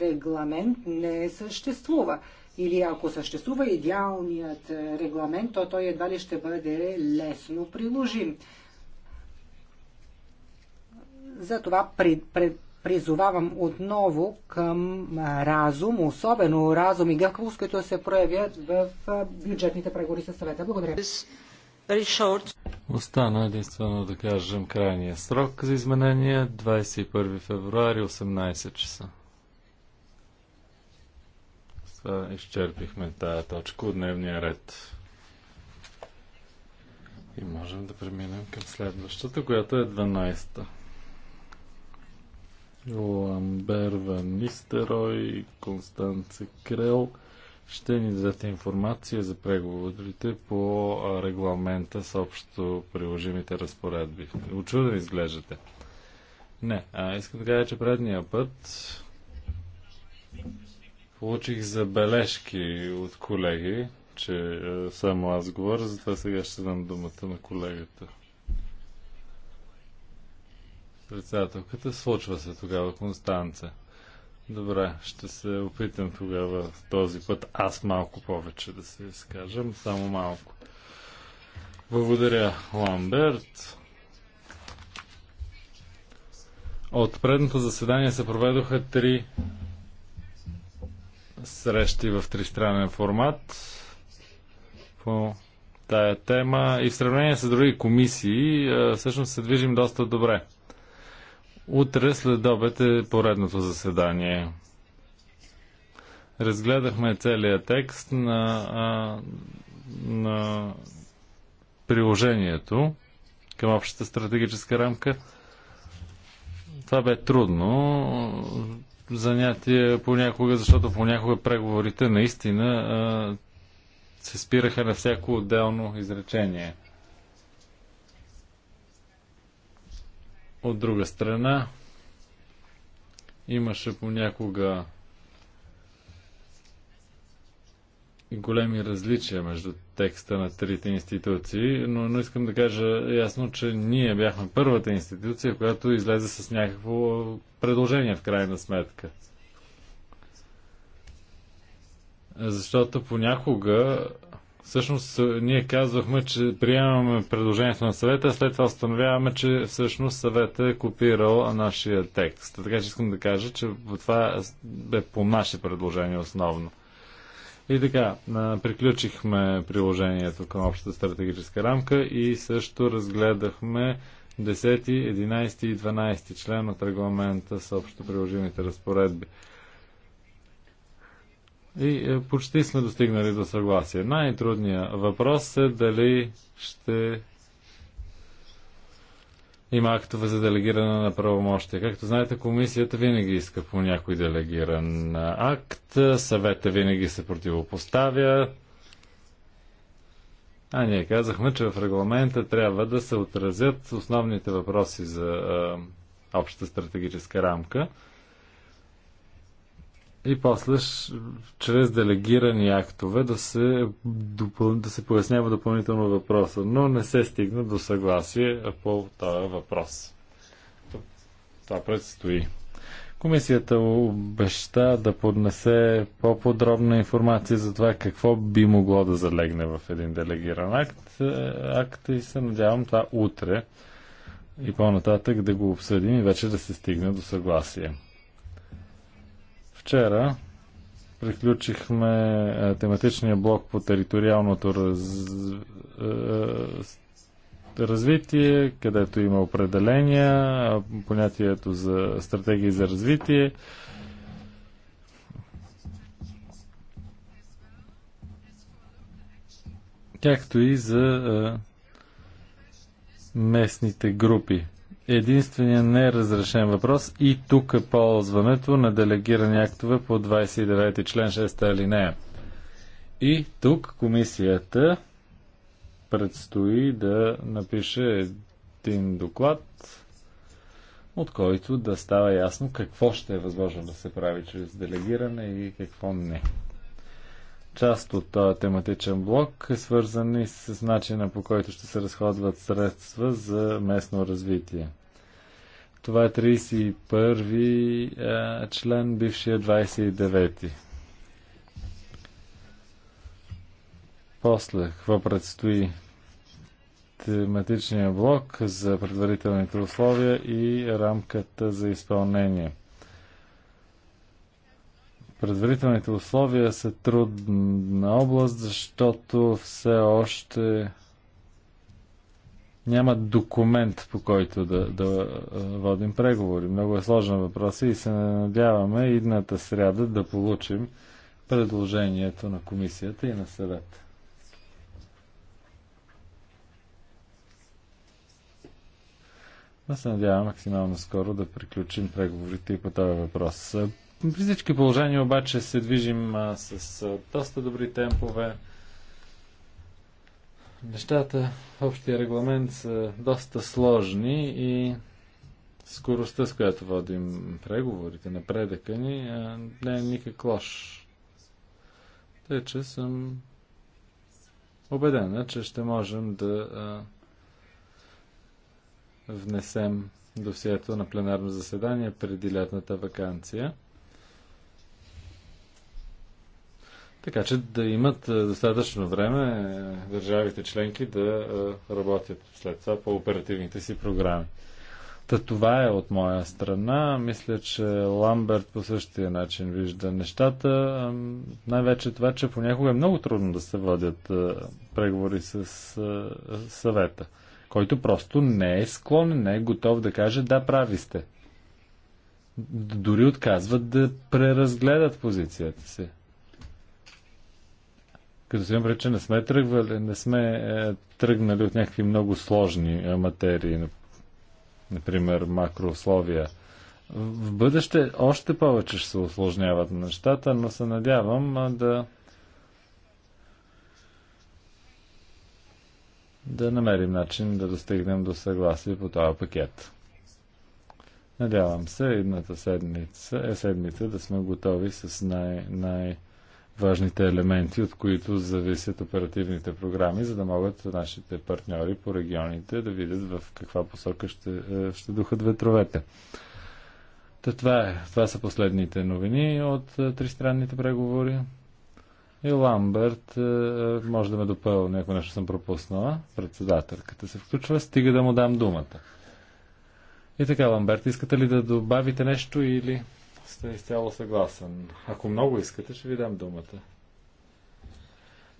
регламент не съществува. Или ако съществува идеалният регламент, то той едва ли ще бъде лесно приложим. Затова пред, пред, призовавам отново към разум, особено разум и гъвкавост, които се проявят в бюджетните преговори със съвета. Благодаря. Остана единствено да кажем крайния срок за изменение 21 февруари 18 часа. Сега изчерпихме тая точка от дневния ред. И можем да преминем към следващата, която е 12-та. Ламбер Ван Нистерой, Констанце Крел ще ни дадат информация за преговорите по регламента с общо приложимите разпоредби. Очуден изглеждате. Не, а искам да кажа, че предния път получих забележки от колеги, че само аз говоря, затова сега ще дам думата на колегата. Председателката случва се тогава, Констанца. Добре, ще се опитам тогава в този път аз малко повече да се изкажам, само малко. Благодаря, Ламберт. От предното заседание се проведоха три срещи в тристранен формат по тая тема и в сравнение с други комисии всъщност се движим доста добре. Утре след обед е поредното заседание. Разгледахме целият текст на, а, на приложението към общата стратегическа рамка. Това бе трудно занятие понякога, защото понякога преговорите наистина а, се спираха на всяко отделно изречение. От друга страна, имаше понякога и големи различия между текста на трите институции, но, но искам да кажа ясно, че ние бяхме първата институция, която излезе с някакво предложение в крайна сметка. Защото понякога Всъщност е, ние казвахме, че приемаме предложението на съвета, след това установяваме, че всъщност съвета е копирал нашия текст. Така че искам да кажа, че това е по наше предложение основно. И така, приключихме приложението към общата стратегическа рамка и също разгледахме 10, 11 и 12 член от регламента с общо приложимите разпоредби. И е, почти сме достигнали до съгласие. Най-трудният въпрос е дали ще има актове за делегиране на правомощия. Както знаете, комисията винаги иска по някой делегиран акт, съвета винаги се противопоставя. А ние казахме, че в регламента трябва да се отразят основните въпроси за е, а, стратегическа рамка и после чрез делегирани актове да се, допъл... да се пояснява допълнително въпроса, но не се стигна до съгласие по този въпрос. Това предстои. Комисията обеща да поднесе по-подробна информация за това какво би могло да залегне в един делегиран акт, е, акт и се надявам това утре и по-нататък да го обсъдим и вече да се стигне до съгласие. Вчера приключихме е, тематичния блок по териториалното раз... Е, е, развитие, където има определения, понятието за стратегии за развитие. както и за местните групи единствения неразрешен въпрос и тук е ползването на делегирани актове по 29 член 6 алинея. И тук комисията предстои да напише един доклад, от който да става ясно какво ще е възможно да се прави чрез делегиране и какво не част от този тематичен блок, е свързани с начина по който ще се разходват средства за местно развитие. Това е 31-и е, член, бившия 29-ти. После, какво предстои? Тематичния блок за предварителните условия и рамката за изпълнение. Предварителните условия са трудна област, защото все още няма документ, по който да, да водим преговори. Много е сложен въпрос и се надяваме идната сряда да получим предложението на комисията и на съвета. Но се надявам максимално скоро да приключим преговорите и по този въпрос при всички положения обаче се движим а, с а, доста добри темпове. Нещата в общия регламент са доста сложни и скоростта, с която водим преговорите, напредъка ни, а, не е никак лош. Тъй, че съм убедена, че ще можем да а, внесем досието на пленарно заседание преди лятната вакансия. така че да имат е, достатъчно време е, държавите членки да е, работят след това по оперативните си програми. Та това е от моя страна. Мисля, че Ламберт по същия начин вижда нещата. Най-вече това, че понякога е много трудно да се водят преговори с съвета, който просто не е склонен, не е готов да каже да, прави сте. Дори отказват да преразгледат позицията си като си рече не сме тръгвали, не сме е, тръгнали от някакви много сложни е, материи, например макроусловия. В бъдеще още повече ще се осложняват нещата, но се надявам да да намерим начин да достигнем до съгласие по този пакет. Надявам се едната седмица, е седмица да сме готови с най- най- важните елементи, от които зависят оперативните програми, за да могат нашите партньори по регионите да видят в каква посока ще, е, ще духат ветровете. Та това, е, това са последните новини от е, тристранните преговори. И Ламберт е, може да ме допълни, ако нещо съм пропуснала. Председателката се включва, стига да му дам думата. И така, Ламберт, искате ли да добавите нещо или сте изцяло съгласен. Ако много искате, ще ви дам думата.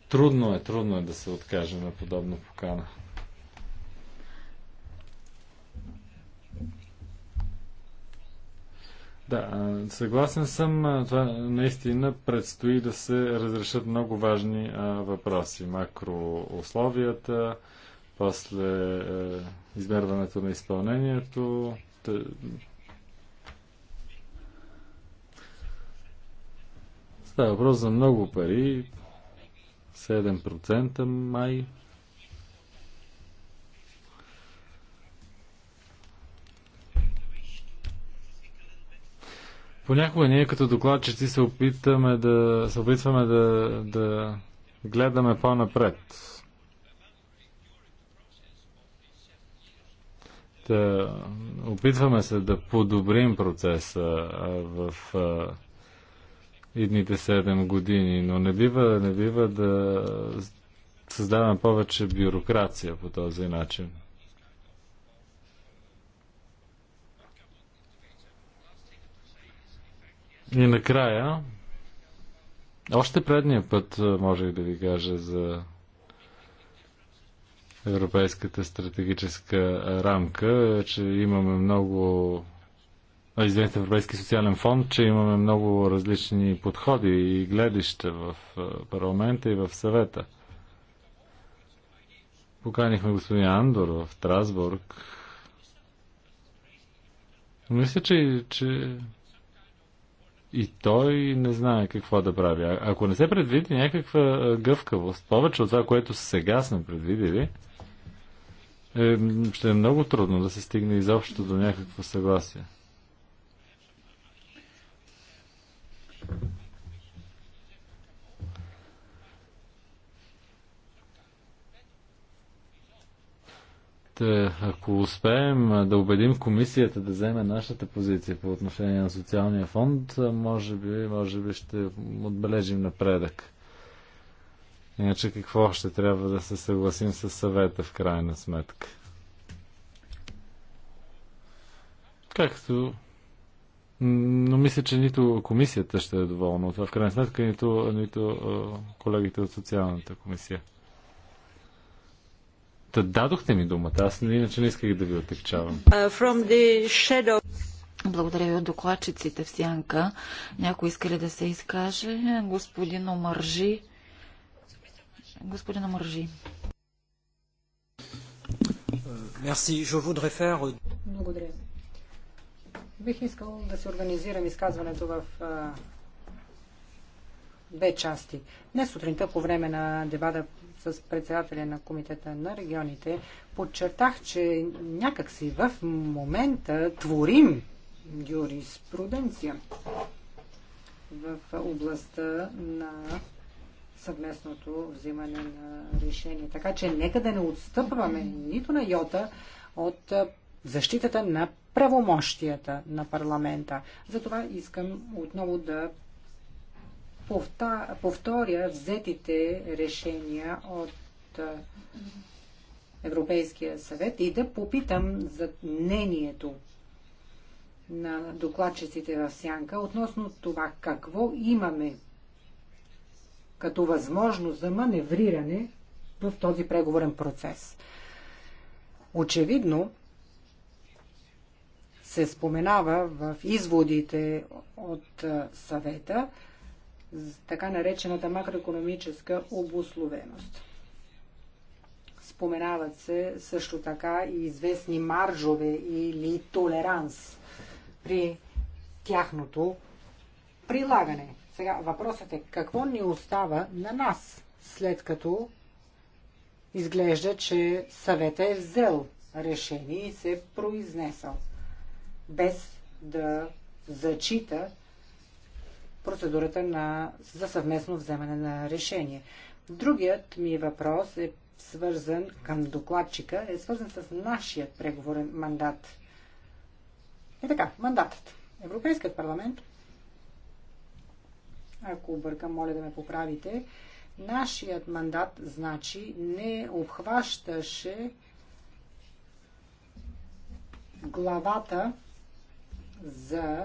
Трудно е, трудно е да се откаже на подобна покана. Да, съгласен съм. Това наистина предстои да се разрешат много важни а, въпроси. Макроусловията, после е, измерването на изпълнението, тъ, Става въпрос за много пари. 7% май. Понякога ние като докладчици се опитаме да се опитваме да, да гледаме по-напред. Да, опитваме се да подобрим процеса в идните 7 години, но не бива, не бива да създаваме повече бюрокрация по този начин. И накрая, още предния път можех да ви кажа за Европейската стратегическа рамка, че имаме много извинете, Европейски социален фонд, че имаме много различни подходи и гледища в парламента и в съвета. Поканихме господин Андор в Страсбург. Мисля, че, че и той не знае какво да прави. А, ако не се предвиди някаква гъвкавост, повече от това, което сега сме предвидели, е, ще е много трудно да се стигне изобщо до някакво съгласие. ако успеем да убедим комисията да вземе нашата позиция по отношение на социалния фонд, може би, може би ще отбележим напредък. Иначе какво ще трябва да се съгласим с съвета в крайна сметка? Както но мисля, че нито комисията ще е доволна от това. В крайна сметка, нито, нито колегите от социалната комисия. Та дадохте ми думата. Аз иначе не исках да ви отекчавам. Благодаря ви от докладчиците в Сянка. Някой иска ли да се изкаже? Господин Омържи. Господин Омържи. Благодаря ви. Бих искал да се организирам изказването в а, две части. Днес сутринта по време на дебата с председателя на Комитета на регионите подчертах, че някакси в момента творим юриспруденция в областта на съвместното взимане на решение. Така че нека да не отстъпваме нито на йота от защитата на правомощията на парламента. Затова искам отново да повторя взетите решения от Европейския съвет и да попитам за мнението на докладчиците в Сянка относно това какво имаме като възможност за маневриране в този преговорен процес. Очевидно, се споменава в изводите от съвета така наречената макроекономическа обусловеност. Споменават се също така и известни маржове или толеранс при тяхното прилагане. Сега въпросът е какво ни остава на нас, след като изглежда, че съвета е взел решение и се е произнесъл без да зачита процедурата на, за съвместно вземане на решение. Другият ми въпрос е свързан към докладчика, е свързан с нашия преговорен мандат. И е така, мандатът. Европейският парламент, ако объркам, моля да ме поправите, нашият мандат, значи, не обхващаше главата за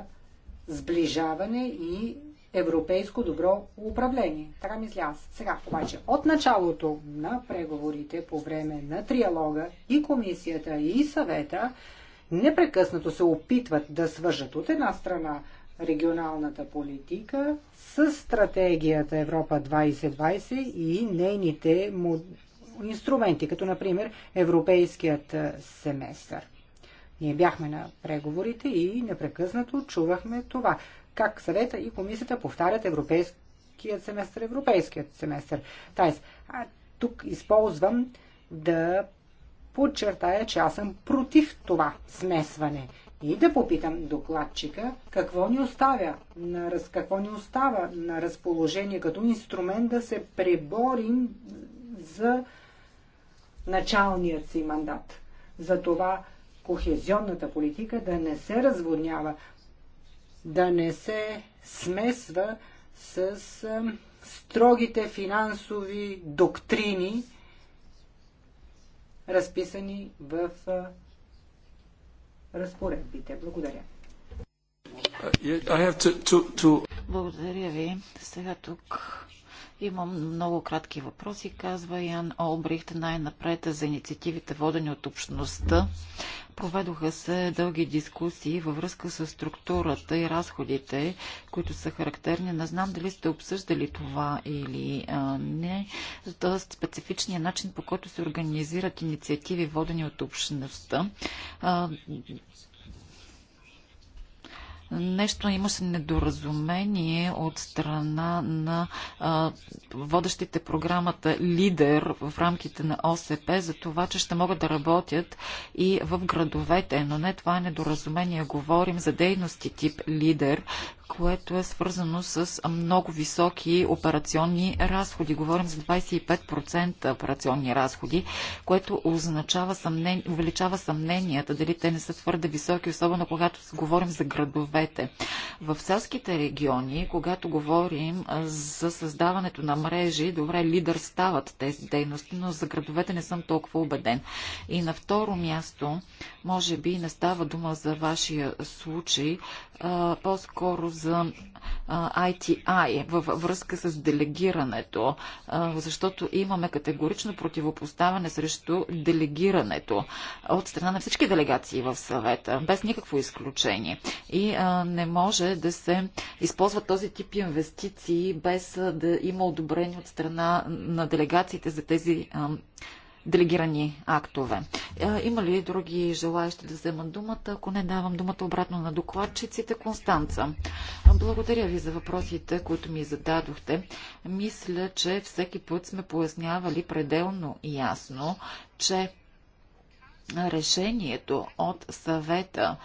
сближаване и европейско добро управление. Така мисля аз. Сега, обаче, от началото на преговорите по време на триалога и комисията и съвета непрекъснато се опитват да свържат от една страна регионалната политика с стратегията Европа 2020 и нейните инструменти, като например европейският семестър. Ние бяхме на преговорите и непрекъснато чувахме това. Как съвета и комисията повтарят европейският семестър, европейският семестър. Тайс, а тук използвам да подчертая, че аз съм против това смесване. И да попитам докладчика какво ни оставя на, раз, какво ни остава на разположение като инструмент да се преборим за началният си мандат. За това кохезионната политика да не се разводнява, да не се смесва с строгите финансови доктрини, разписани в разпоредбите. Благодаря. Uh, to, to, to... Благодаря ви. Сега тук Имам много кратки въпроси, казва Ян Олбрихт най-напред за инициативите водени от общността. Проведоха се дълги дискусии във връзка с структурата и разходите, които са характерни. Не знам дали сте обсъждали това или а, не. За специфичният начин, по който се организират инициативи, водени от общността. А, нещо имаше недоразумение от страна на а, водещите програмата лидер в рамките на ОСП за това, че ще могат да работят и в градовете, но не това е недоразумение. Говорим за дейности тип лидер, което е свързано с много високи операционни разходи. Говорим за 25% операционни разходи, което означава съмнен... увеличава съмненията дали те не са твърде високи, особено когато говорим за градовете. В селските региони, когато говорим за създаването на мрежи, добре, лидер стават тези дейности, но за градовете не съм толкова убеден. И на второ място, може би не става дума за вашия случай, по-скоро за ITI във връзка с делегирането, защото имаме категорично противопоставяне срещу делегирането от страна на всички делегации в съвета, без никакво изключение. И не може да се използват този тип инвестиции без да има одобрение от страна на делегациите за тези делегирани актове. Е, има ли други желаящи да вземат думата? Ако не, давам думата обратно на докладчиците. Констанца, благодаря ви за въпросите, които ми зададохте. Мисля, че всеки път сме пояснявали пределно ясно, че решението от съвета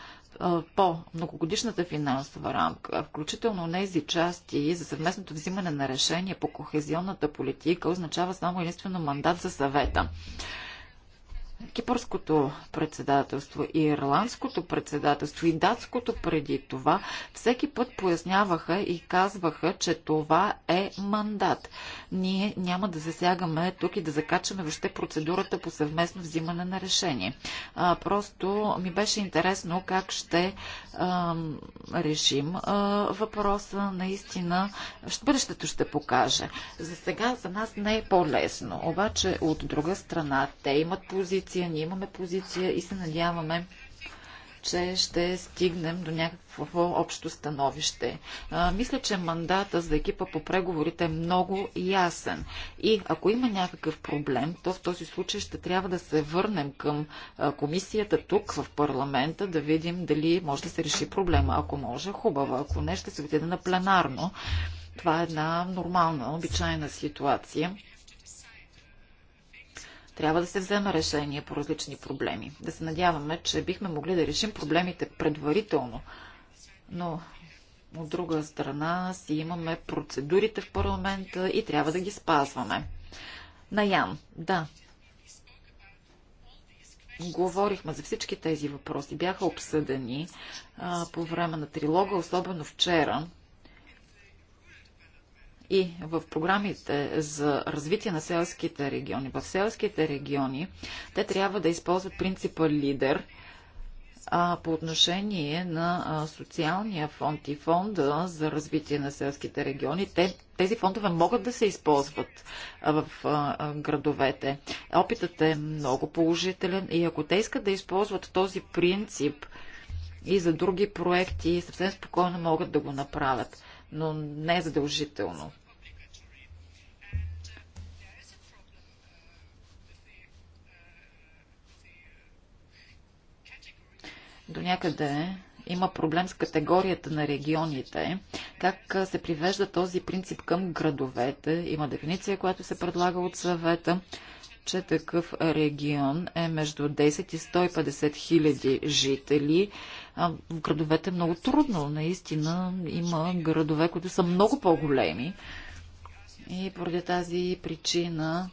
по многогодишната финансова рамка, включително тези части за съвместното взимане на решение по кохезионната политика, означава само единствено мандат за съвета кипърското председателство и ирландското председателство и датското преди това, всеки път поясняваха и казваха, че това е мандат. Ние няма да засягаме тук и да закачаме въобще процедурата по съвместно взимане на решение. А, просто ми беше интересно как ще а, решим а, въпроса. Наистина, бъдещето ще покаже. За сега за нас не е по-лесно. Обаче, от друга страна, те имат позиция позиция, ние имаме позиция и се надяваме, че ще стигнем до някакво общо становище. А, мисля, че мандата за екипа по преговорите е много ясен. И ако има някакъв проблем, то в този случай ще трябва да се върнем към а, комисията тук в парламента, да видим дали може да се реши проблема. Ако може, хубаво. Ако не, ще се отиде на пленарно. Това е една нормална, обичайна ситуация. Трябва да се взема решение по различни проблеми. Да се надяваме, че бихме могли да решим проблемите предварително. Но от друга страна си имаме процедурите в парламента и трябва да ги спазваме. На Ян, да. Говорихме за всички тези въпроси. Бяха обсъдени а, по време на трилога, особено вчера. И в програмите за развитие на селските региони, в селските региони, те трябва да използват принципа лидер а, по отношение на а, социалния фонд и фонда за развитие на селските региони. Те, тези фондове могат да се използват а, в а, градовете. Опитът е много положителен и ако те искат да използват този принцип и за други проекти, съвсем спокойно могат да го направят но не е задължително. До някъде има проблем с категорията на регионите. Как се привежда този принцип към градовете? Има дефиниция, която се предлага от съвета, че такъв регион е между 10 и 150 хиляди жители а в градовете е много трудно. Наистина има градове, които са много по-големи. И поради тази причина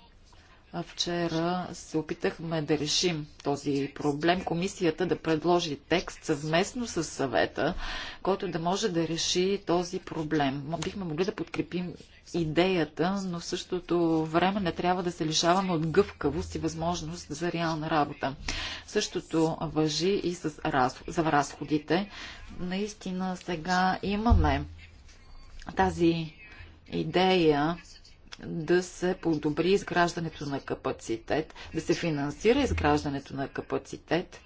Вчера се опитахме да решим този проблем. Комисията да предложи текст съвместно с съвета, който да може да реши този проблем. Бихме могли да подкрепим идеята, но в същото време не трябва да се лишаваме от гъвкавост и възможност за реална работа. Същото въжи и с раз... за разходите. Наистина сега имаме тази идея да се подобри изграждането на капацитет, да се финансира изграждането на капацитет,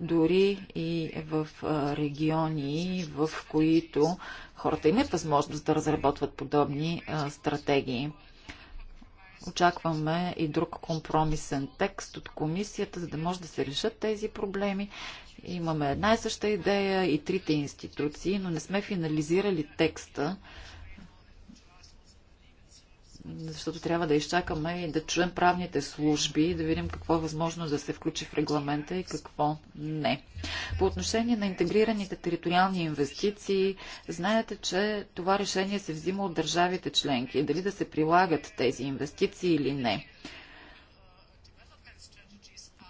дори и в региони, в които хората имат възможност да разработват подобни стратегии. Очакваме и друг компромисен текст от комисията, за да може да се решат тези проблеми. Имаме една и съща идея и трите институции, но не сме финализирали текста защото трябва да изчакаме и да чуем правните служби, да видим какво е възможно да се включи в регламента и какво не. По отношение на интегрираните териториални инвестиции, знаете, че това решение се взима от държавите членки, дали да се прилагат тези инвестиции или не.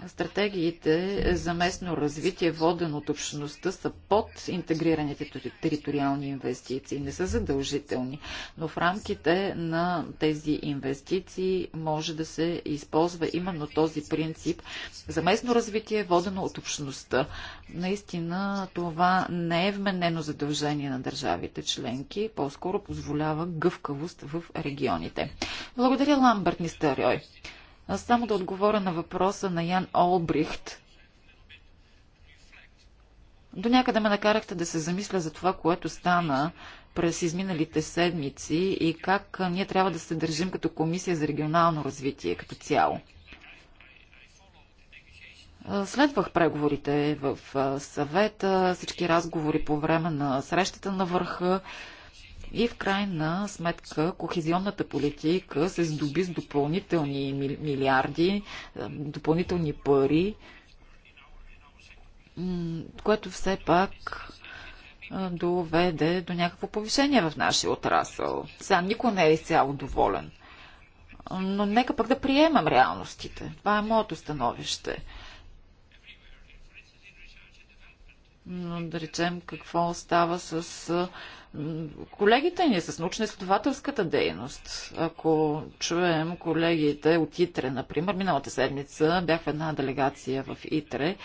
Стратегиите за местно развитие, воден от общността, са под интегрираните териториални инвестиции, не са задължителни, но в рамките на тези инвестиции може да се използва именно този принцип за местно развитие, водено от общността. Наистина това не е вменено задължение на държавите членки, по-скоро позволява гъвкавост в регионите. Благодаря, Ламбърт Нистерой. Аз само да отговоря на въпроса на Ян Олбрихт. До някъде ме накарахте да се замисля за това, което стана през изминалите седмици и как ние трябва да се държим като комисия за регионално развитие като цяло. Следвах преговорите в съвета, всички разговори по време на срещата на върха и в крайна сметка кохезионната политика се здоби с допълнителни милиарди, е, допълнителни пари, което все пак е, доведе до някакво повишение в нашия отрасъл. Сега никой не е изцяло доволен. Но нека пък да приемам реалностите. Това е моето становище. да речем, какво става с колегите ни, с научно-изследователската дейност. Ако чуем колегите от ИТРЕ, например, миналата седмица бях в една делегация в ИТРЕ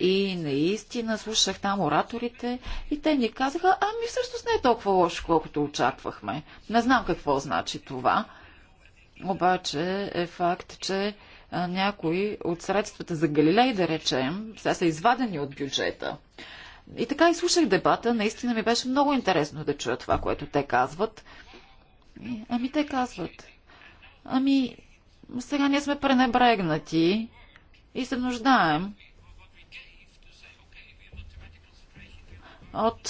и наистина слушах там ораторите и те ни казаха, ами всъщност не е толкова лошо, колкото очаквахме. Не знам какво значи това, обаче е факт, че някои от средствата за Галилей, да речем, сега са извадени от бюджета. И така и слушах дебата. Наистина ми беше много интересно да чуя това, което те казват. Ами те казват. Ами, сега ние сме пренебрегнати и се нуждаем от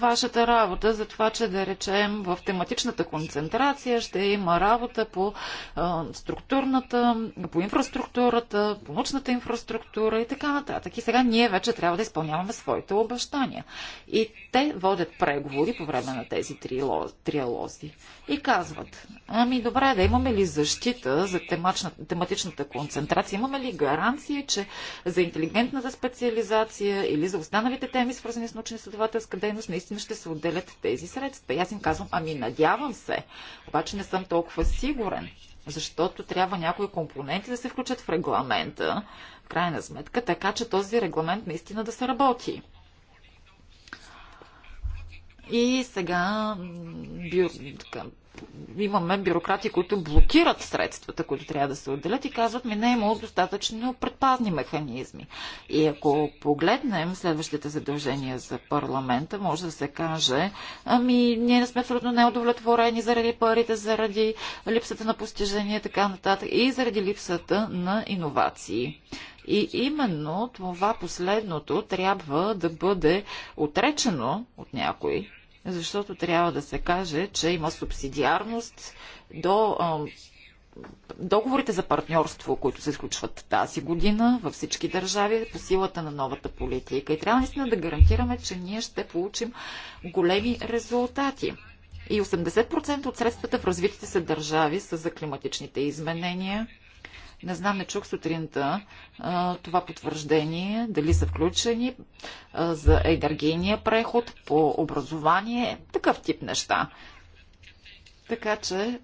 вашата работа за това, че да речем в тематичната концентрация ще има работа по а, структурната, по инфраструктурата, по научната инфраструктура и така нататък. И сега ние вече трябва да изпълняваме своите обещания. И те водят преговори по време на тези триалози и казват, ами добре, да имаме ли защита за тематичната концентрация, имаме ли гаранции, че за интелигентната специализация или за останалите теми, свързани с научни изследования, изследователска дейност наистина ще се отделят тези средства. И аз им казвам, ами надявам се, обаче не съм толкова сигурен, защото трябва някои компоненти да се включат в регламента, в крайна сметка, така че този регламент наистина да се работи. И сега така, имаме бюрократи, които блокират средствата, които трябва да се отделят и казват ми не е имало достатъчно предпазни механизми. И ако погледнем следващите задължения за парламента, може да се каже, ами ние не сме абсолютно неудовлетворени заради парите, заради липсата на постижения и така нататък и заради липсата на иновации. И именно това последното трябва да бъде отречено от някой, защото трябва да се каже, че има субсидиарност до договорите за партньорство, които се изключват тази година във всички държави по силата на новата политика. И трябва наистина да гарантираме, че ние ще получим големи резултати. И 80% от средствата в развитите се държави са за климатичните изменения не знам, не чух сутринта а, това потвърждение, дали са включени а, за енергийния преход по образование, такъв тип неща. Така че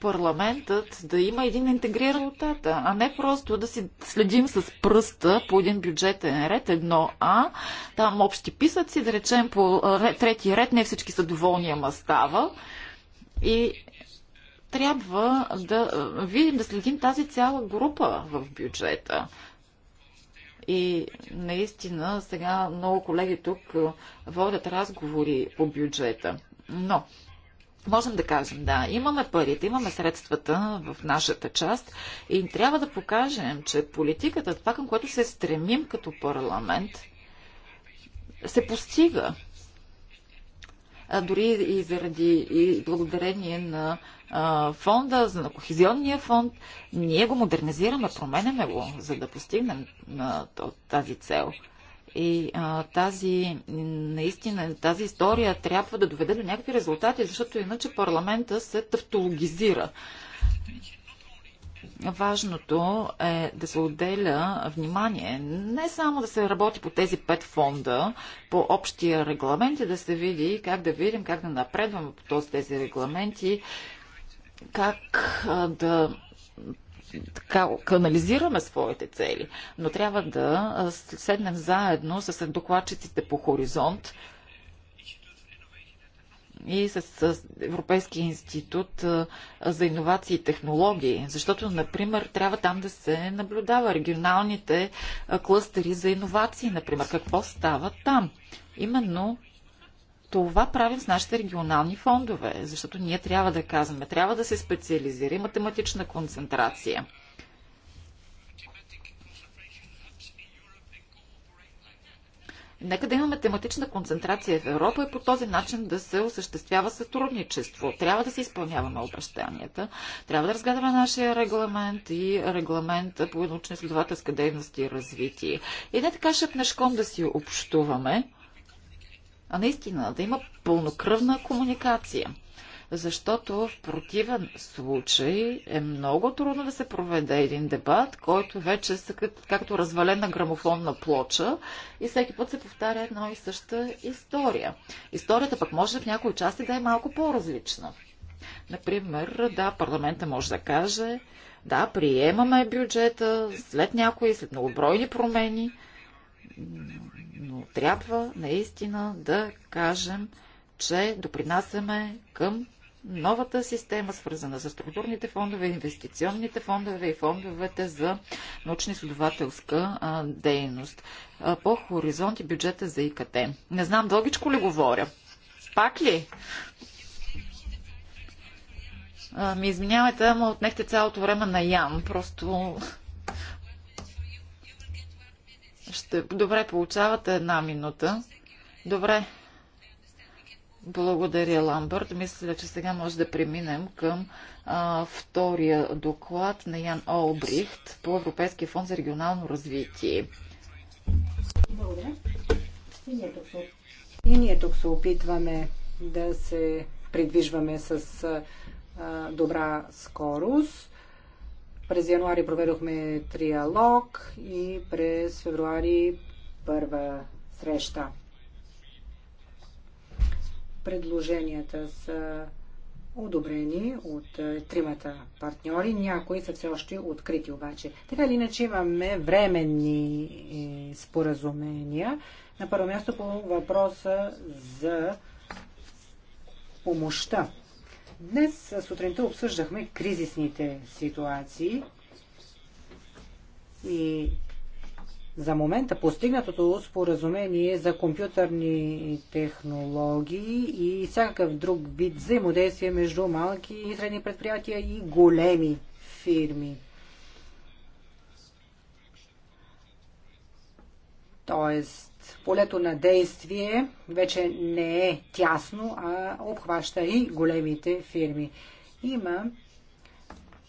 парламентът да има един интегриран отата, а не просто да си следим с пръста по един бюджетен ред, едно А, там общи писъци, да речем по трети ред, не всички са доволни, ама става. И трябва да е, видим, да следим тази цяла група в бюджета. И наистина сега много колеги тук е, водят разговори по бюджета. Но можем да кажем, да, имаме парите, имаме средствата в нашата част и трябва да покажем, че политиката, това към което се стремим като парламент, се постига. А дори и заради и благодарение на фонда, на кохезионния фонд. Ние го модернизираме, променяме го, за да постигнем тази цел. И а, тази, наистина, тази история трябва да доведе до някакви резултати, защото иначе парламента се тавтологизира. Важното е да се отделя внимание. Не само да се работи по тези пет фонда, по общия регламент и да се види как да видим, как да напредваме по този тези регламенти как да така, канализираме своите цели, но трябва да седнем заедно с докладчиците по хоризонт и с Европейския институт за иновации и технологии, защото, например, трябва там да се наблюдава регионалните клъстери за иновации, например, какво става там. Именно това правим с нашите регионални фондове, защото ние трябва да казваме, трябва да се специализира и математична концентрация. Нека да имаме тематична концентрация в Европа и по този начин да се осъществява сътрудничество. Трябва да се изпълняваме обещанията, трябва да разгледаме нашия регламент и регламент по научно-изследователска дейност и развитие. И не така шепнешком да си общуваме, а наистина да има пълнокръвна комуникация. Защото в противен случай е много трудно да се проведе един дебат, който вече е както развалена грамофонна плоча и всеки път се повтаря една и съща история. Историята пък може в някои части да е малко по-различна. Например, да, парламента може да каже, да, приемаме бюджета след някои, след многобройни промени, но трябва наистина да кажем, че допринасяме към новата система, свързана с структурните фондове, инвестиционните фондове и фондовете за научно-изследователска дейност. по хоризонт и бюджета за ИКТ. Не знам, дългичко ли говоря? Пак ли? А, ми извинявайте, ама отнехте цялото време на Ян. Просто ще... Добре, получавате една минута. Добре. Благодаря, Ламбърт. Мисля, че сега може да преминем към а, втория доклад на Ян Олбрихт по Европейския фонд за регионално развитие. Благодаря. И ние тук се, опитваме да се придвижваме с а, добра скорост през януари проведохме триалог и през февруари първа среща. Предложенията са одобрени от е, тримата партньори. Някои са все още открити обаче. Така или иначе имаме временни е, споразумения. На първо място по въпроса за помощта Днес сутринта обсъждахме кризисните ситуации и за момента постигнатото споразумение за компютърни технологии и всякакъв друг вид взаимодействие между малки и средни предприятия и големи фирми. Тоест, полето на действие вече не е тясно, а обхваща и големите фирми. Има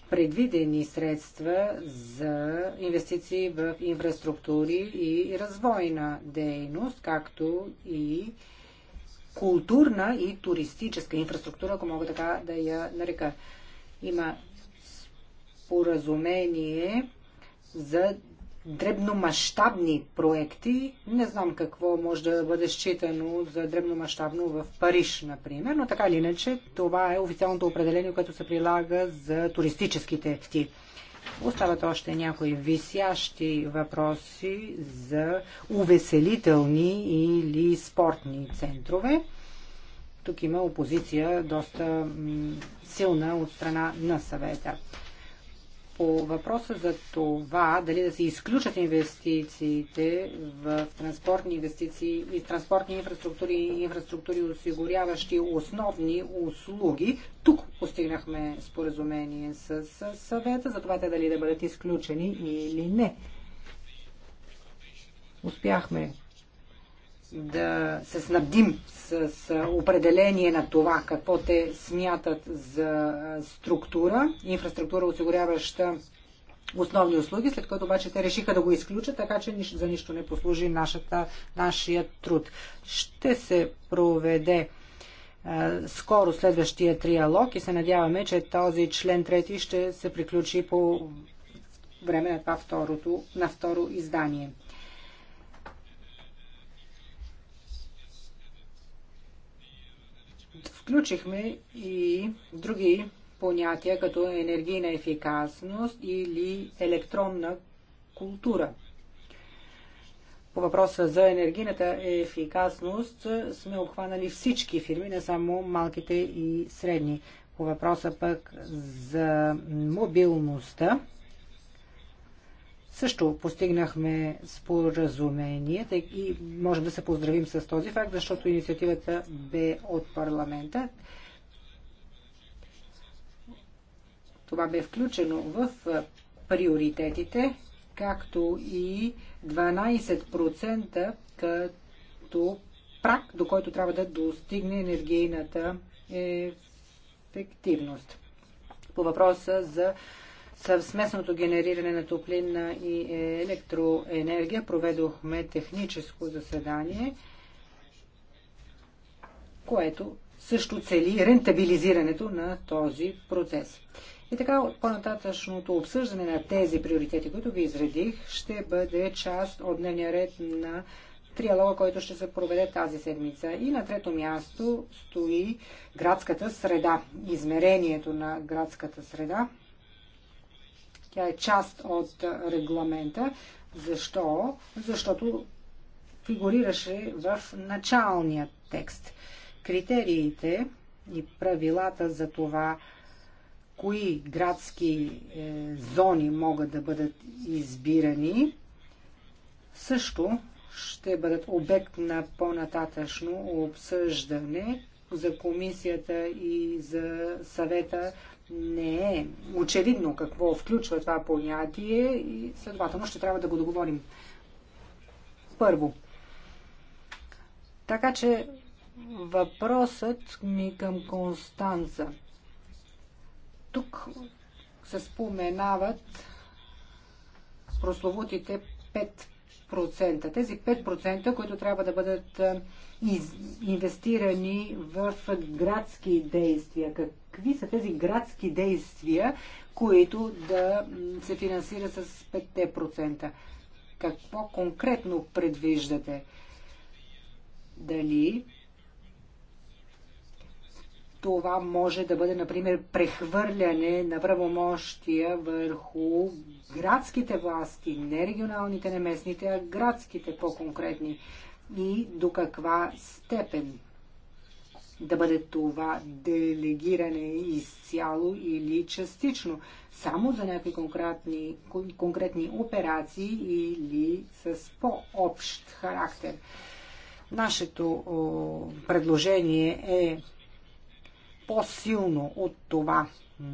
предвидени средства за инвестиции в инфраструктури и развойна дейност, както и културна и туристическа инфраструктура, ако мога така да я нарека. Има споразумение за дребномащабни проекти. Не знам какво може да бъде считано за дребномащабно в Париж, например, но така или иначе това е официалното определение, което се прилага за туристическите ефти. Остават още някои висящи въпроси за увеселителни или спортни центрове. Тук има опозиция доста силна от страна на съвета по въпроса за това дали да се изключат инвестициите в транспортни инвестиции и транспортни инфраструктури и инфраструктури, осигуряващи основни услуги, тук постигнахме споразумение с, с съвета за това те дали да бъдат изключени или не. Успяхме да се снабдим с определение на това какво те смятат за структура, инфраструктура, осигуряваща основни услуги, след което обаче те решиха да го изключат, така че за нищо не послужи нашата, нашия труд. Ще се проведе скоро следващия триалог и се надяваме, че този член трети ще се приключи по време на това второто, на второ издание. Включихме и други понятия, като енергийна ефикасност или електронна култура. По въпроса за енергийната ефикасност сме обхванали всички фирми, не само малките и средни. По въпроса пък за мобилността, също постигнахме споразумение и може да се поздравим с този факт, защото инициативата бе от парламента. Това бе включено в приоритетите, както и 12% като прак, до който трябва да достигне енергийната е- ефективност. По въпроса за съвместното генериране на топлинна и електроенергия проведохме техническо заседание, което също цели рентабилизирането на този процес. И така, от по-нататъчното обсъждане на тези приоритети, които ви изредих, ще бъде част от дневния ред на триалога, който ще се проведе тази седмица. И на трето място стои градската среда, измерението на градската среда, тя е част от регламента. Защо? Защото фигурираше в началния текст. Критериите и правилата за това, кои градски е, зони могат да бъдат избирани, също ще бъдат обект на по-нататъчно обсъждане за комисията и за съвета не е очевидно какво включва това понятие и следователно ще трябва да го договорим. Първо. Така че въпросът ми към Констанца. Тук се споменават прословутите 5%. Тези 5%, които трябва да бъдат инвестирани в градски действия какви са тези градски действия, които да се финансират с 5%. Какво конкретно предвиждате? Дали това може да бъде, например, прехвърляне на правомощия върху градските власти, не регионалните, не местните, а градските по-конкретни и до каква степен да бъде това делегиране изцяло или частично, само за някои конкретни, конкретни операции или с по-общ характер. Нашето о, предложение е по-силно от това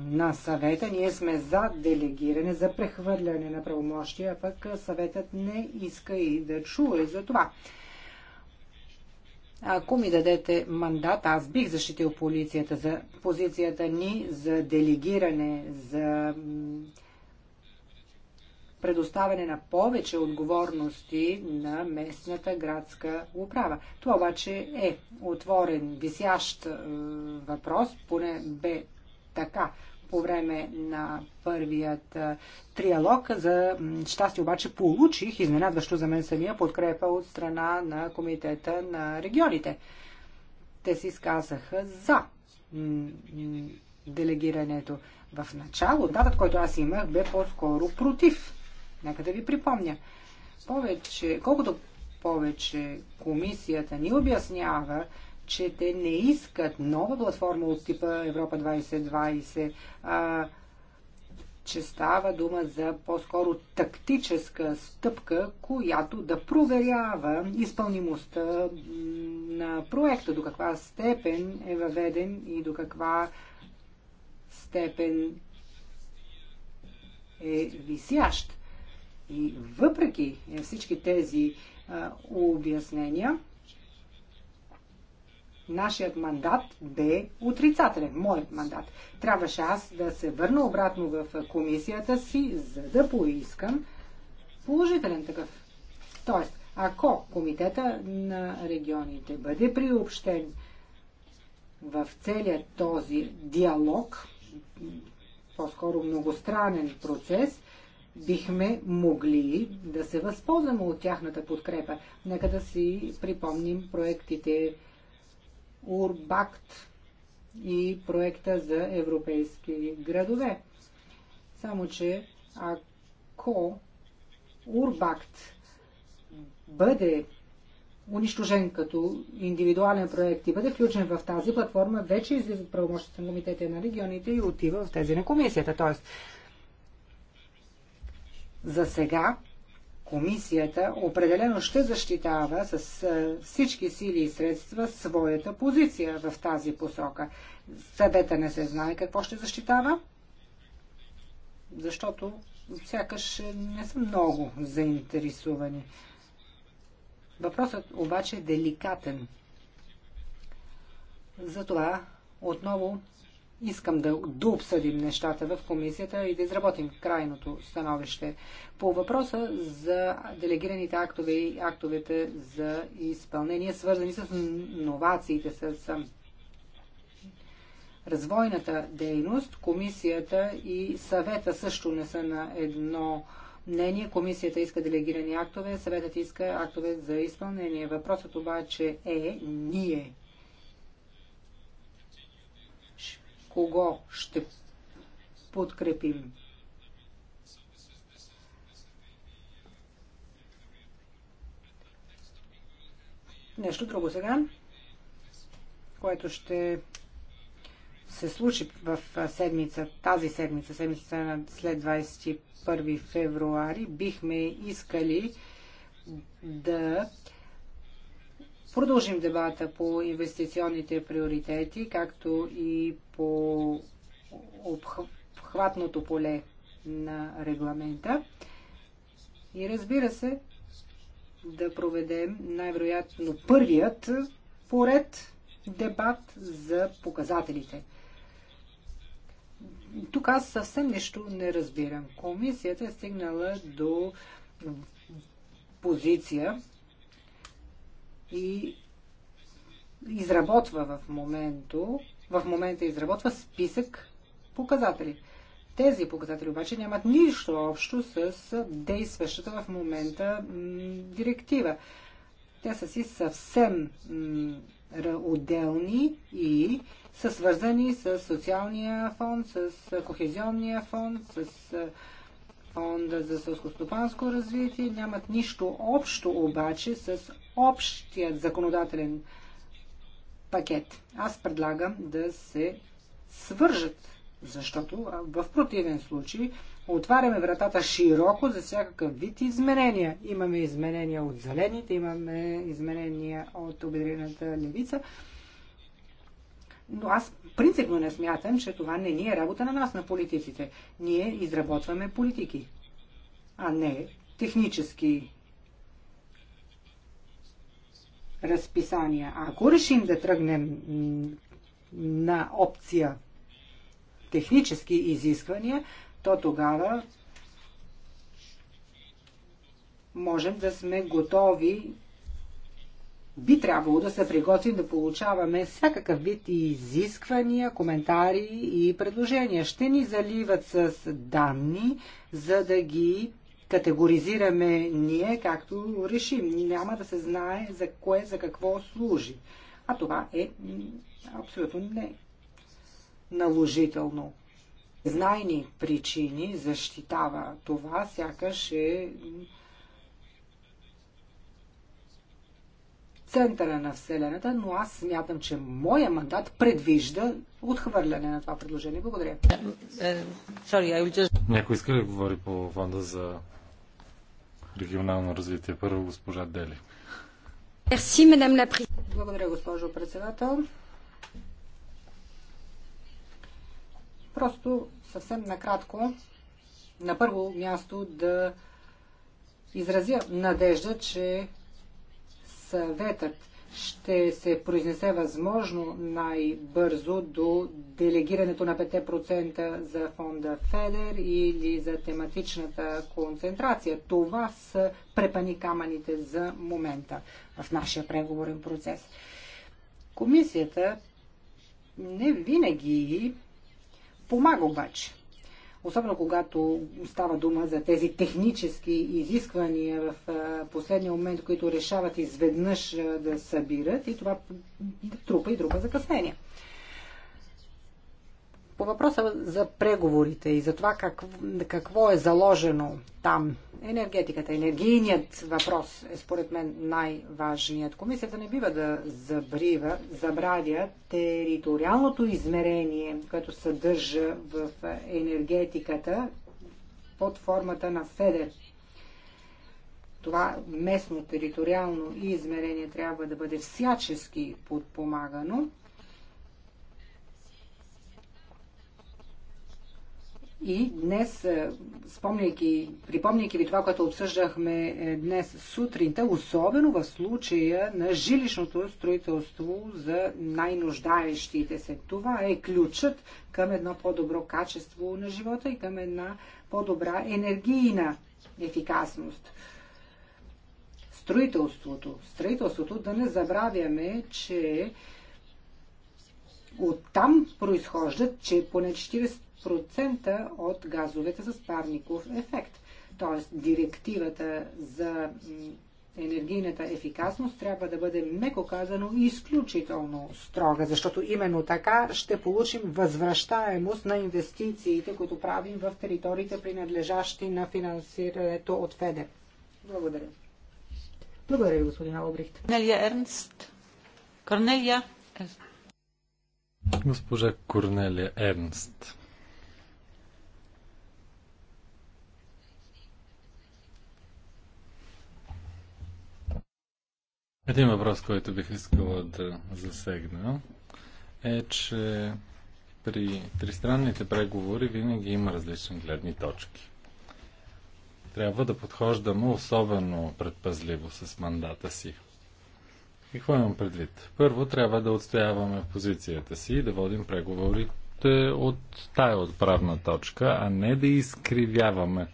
на съвета. Ние сме за делегиране, за прехвърляне на правомощия, пък съветът не иска и да чуе за това. Ако ми дадете мандат, аз бих защитил полицията за позицията ни за делегиране, за предоставяне на повече отговорности на местната градска управа. Това обаче е отворен, висящ е, въпрос, поне бе така по време на първият триалог. За щастие обаче получих изненадващо за мен самия подкрепа от страна на Комитета на регионите. Те се изказаха за делегирането. В начало, датът, който аз имах, бе по-скоро против. Нека да ви припомня. Повече, колкото повече комисията ни обяснява, че те не искат нова платформа от типа Европа 2020, а че става дума за по-скоро тактическа стъпка, която да проверява изпълнимостта на проекта, до каква степен е въведен и до каква степен е висящ. И въпреки е, всички тези а, обяснения, нашият мандат бе отрицателен. Моят мандат. Трябваше аз да се върна обратно в комисията си, за да поискам положителен такъв. Тоест, ако комитета на регионите бъде приобщен в целият този диалог, по-скоро многостранен процес, бихме могли да се възползваме от тяхната подкрепа. Нека да си припомним проектите Урбакт и проекта за европейски градове. Само, че ако Урбакт бъде унищожен като индивидуален проект и бъде включен в тази платформа, вече излиза правомощите на комитета на регионите и отива в тези на комисията. Тоест, за сега комисията определено ще защитава с е, всички сили и средства своята позиция в тази посока. Съвета не се знае какво ще защитава, защото сякаш не са много заинтересувани. Въпросът обаче е деликатен. Затова отново искам да дообсъдим нещата в комисията и да изработим крайното становище. По въпроса за делегираните актове и актовете за изпълнение, свързани с новациите, с развойната дейност, комисията и съвета също не са на едно мнение. Комисията иска делегирани актове, съветът иска актове за изпълнение. Въпросът обаче е ние кого ще подкрепим. Нещо друго сега, което ще се случи в седмица, тази седмица, седмица след 21 февруари, бихме искали да продължим дебата по инвестиционните приоритети, както и по обхватното поле на регламента. И разбира се, да проведем най-вероятно първият поред дебат за показателите. Тук аз съвсем нищо не разбирам. Комисията е стигнала до позиция, и изработва в, моменту, в момента изработва списък показатели. Тези показатели обаче нямат нищо общо с действащата в момента директива. Те са си съвсем отделни и са свързани с социалния фонд, с кохезионния фонд, с фонда за сълскостопанско развитие. Нямат нищо общо обаче с общият законодателен пакет. Аз предлагам да се свържат, защото в противен случай отваряме вратата широко за всякакъв вид изменения. Имаме изменения от зелените, имаме изменения от обедрената левица. Но аз принципно не смятам, че това не ни е работа на нас, на политиците. Ние изработваме политики, а не технически разписания. А ако решим да тръгнем на опция технически изисквания, то тогава можем да сме готови би трябвало да се приготвим да получаваме всякакъв вид изисквания, коментари и предложения. Ще ни заливат с данни, за да ги категоризираме ние както решим. Няма да се знае за кое, за какво служи. А това е абсолютно не наложително. Знайни причини защитава това, сякаш е центъра на Вселената, но аз смятам, че моя мандат предвижда отхвърляне на това предложение. Благодаря. Е, е, Някой иска ли да говори по фонда за регионално развитие. Първо госпожа Дели. Благодаря, госпожо председател. Просто съвсем накратко, на първо място да изразя надежда, че съветът ще се произнесе възможно най-бързо до делегирането на 5% за фонда ФЕДЕР или за тематичната концентрация. Това са препани камъните за момента в нашия преговорен процес. Комисията не винаги помага обаче особено когато става дума за тези технически изисквания в последния момент, които решават изведнъж да събират и това трупа и друга закъснение. По въпроса за преговорите и за това как, какво е заложено там, енергетиката, енергийният въпрос е според мен най-важният. Комисията не бива да забрива, забравя териториалното измерение, което съдържа в енергетиката под формата на ФЕДЕР. Това местно териториално измерение трябва да бъде всячески подпомагано И днес, е, спомняйки, припомняйки ви това, което обсъждахме е, днес сутринта, особено в случая на жилищното строителство за най-нуждаещите се. Това е ключът към едно по-добро качество на живота и към една по-добра енергийна ефикасност. Строителството. Строителството, да не забравяме, че оттам произхождат, че поне 40 процента от газовете с парников ефект. Тоест, директивата за енергийната ефикасност трябва да бъде, меко казано, изключително строга, защото именно така ще получим възвръщаемост на инвестициите, които правим в териториите, принадлежащи на финансирането от ФЕДЕ. Благодаря. Благодаря ви, господин Албрихт. Корнелия Ернст. Корнелия Ернст. Госпожа Корнелия Ернст. Един въпрос, който бих искала да засегна е, че при тристранните преговори винаги има различни гледни точки. Трябва да подхождаме особено предпазливо с мандата си. Какво имам предвид? Първо трябва да отстояваме позицията си и да водим преговорите от тая отправна точка, а не да изкривяваме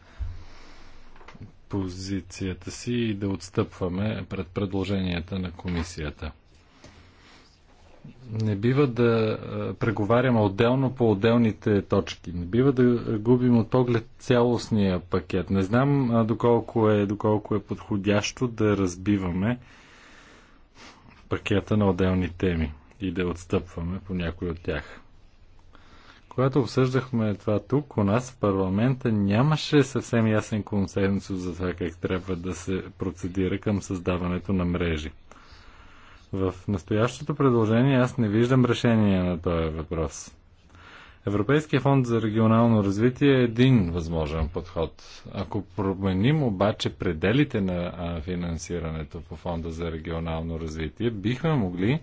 позицията си и да отстъпваме пред предложенията на комисията. Не бива да преговаряме отделно по отделните точки. Не бива да губим от поглед цялостния пакет. Не знам доколко е, доколко е подходящо да разбиваме пакета на отделни теми и да отстъпваме по някой от тях. Когато обсъждахме това тук, у нас в парламента нямаше съвсем ясен консенсус за това как трябва да се процедира към създаването на мрежи. В настоящото предложение аз не виждам решение на този въпрос. Европейския фонд за регионално развитие е един възможен подход. Ако променим обаче пределите на финансирането по фонда за регионално развитие, бихме могли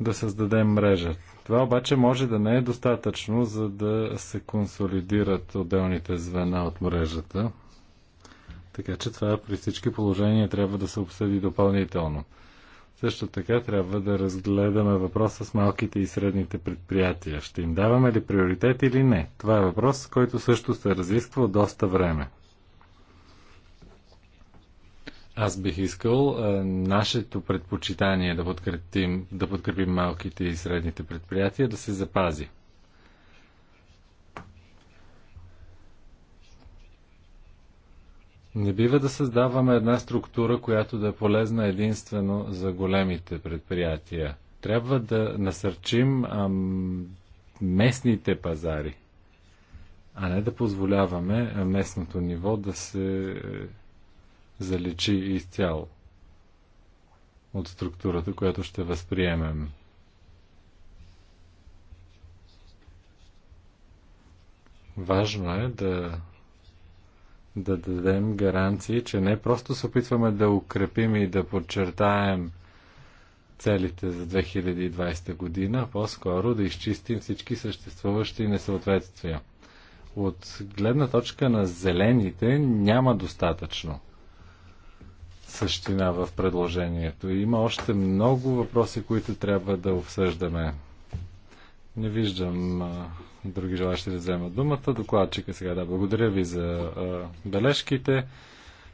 да създадем мрежа. Това обаче може да не е достатъчно, за да се консолидират отделните звена от мрежата. Така че това при всички положения трябва да се обсъди допълнително. Също така трябва да разгледаме въпроса с малките и средните предприятия. Ще им даваме ли приоритет или не? Това е въпрос, който също се разисква от доста време. Аз бих искал а, нашето предпочитание е да подкрепим, да подкрепим малките и средните предприятия да се запази. Не бива да създаваме една структура, която да е полезна единствено за големите предприятия. Трябва да насърчим ам, местните пазари, а не да позволяваме местното ниво да се заличи изцяло от структурата, която ще възприемем. Важно е да, да дадем гаранции, че не просто се опитваме да укрепим и да подчертаем целите за 2020 година, а по-скоро да изчистим всички съществуващи несъответствия. От гледна точка на зелените няма достатъчно същина в предложението. И има още много въпроси, които трябва да обсъждаме. Не виждам а, други желащи да вземат думата. Докладчика сега да благодаря ви за а, бележките.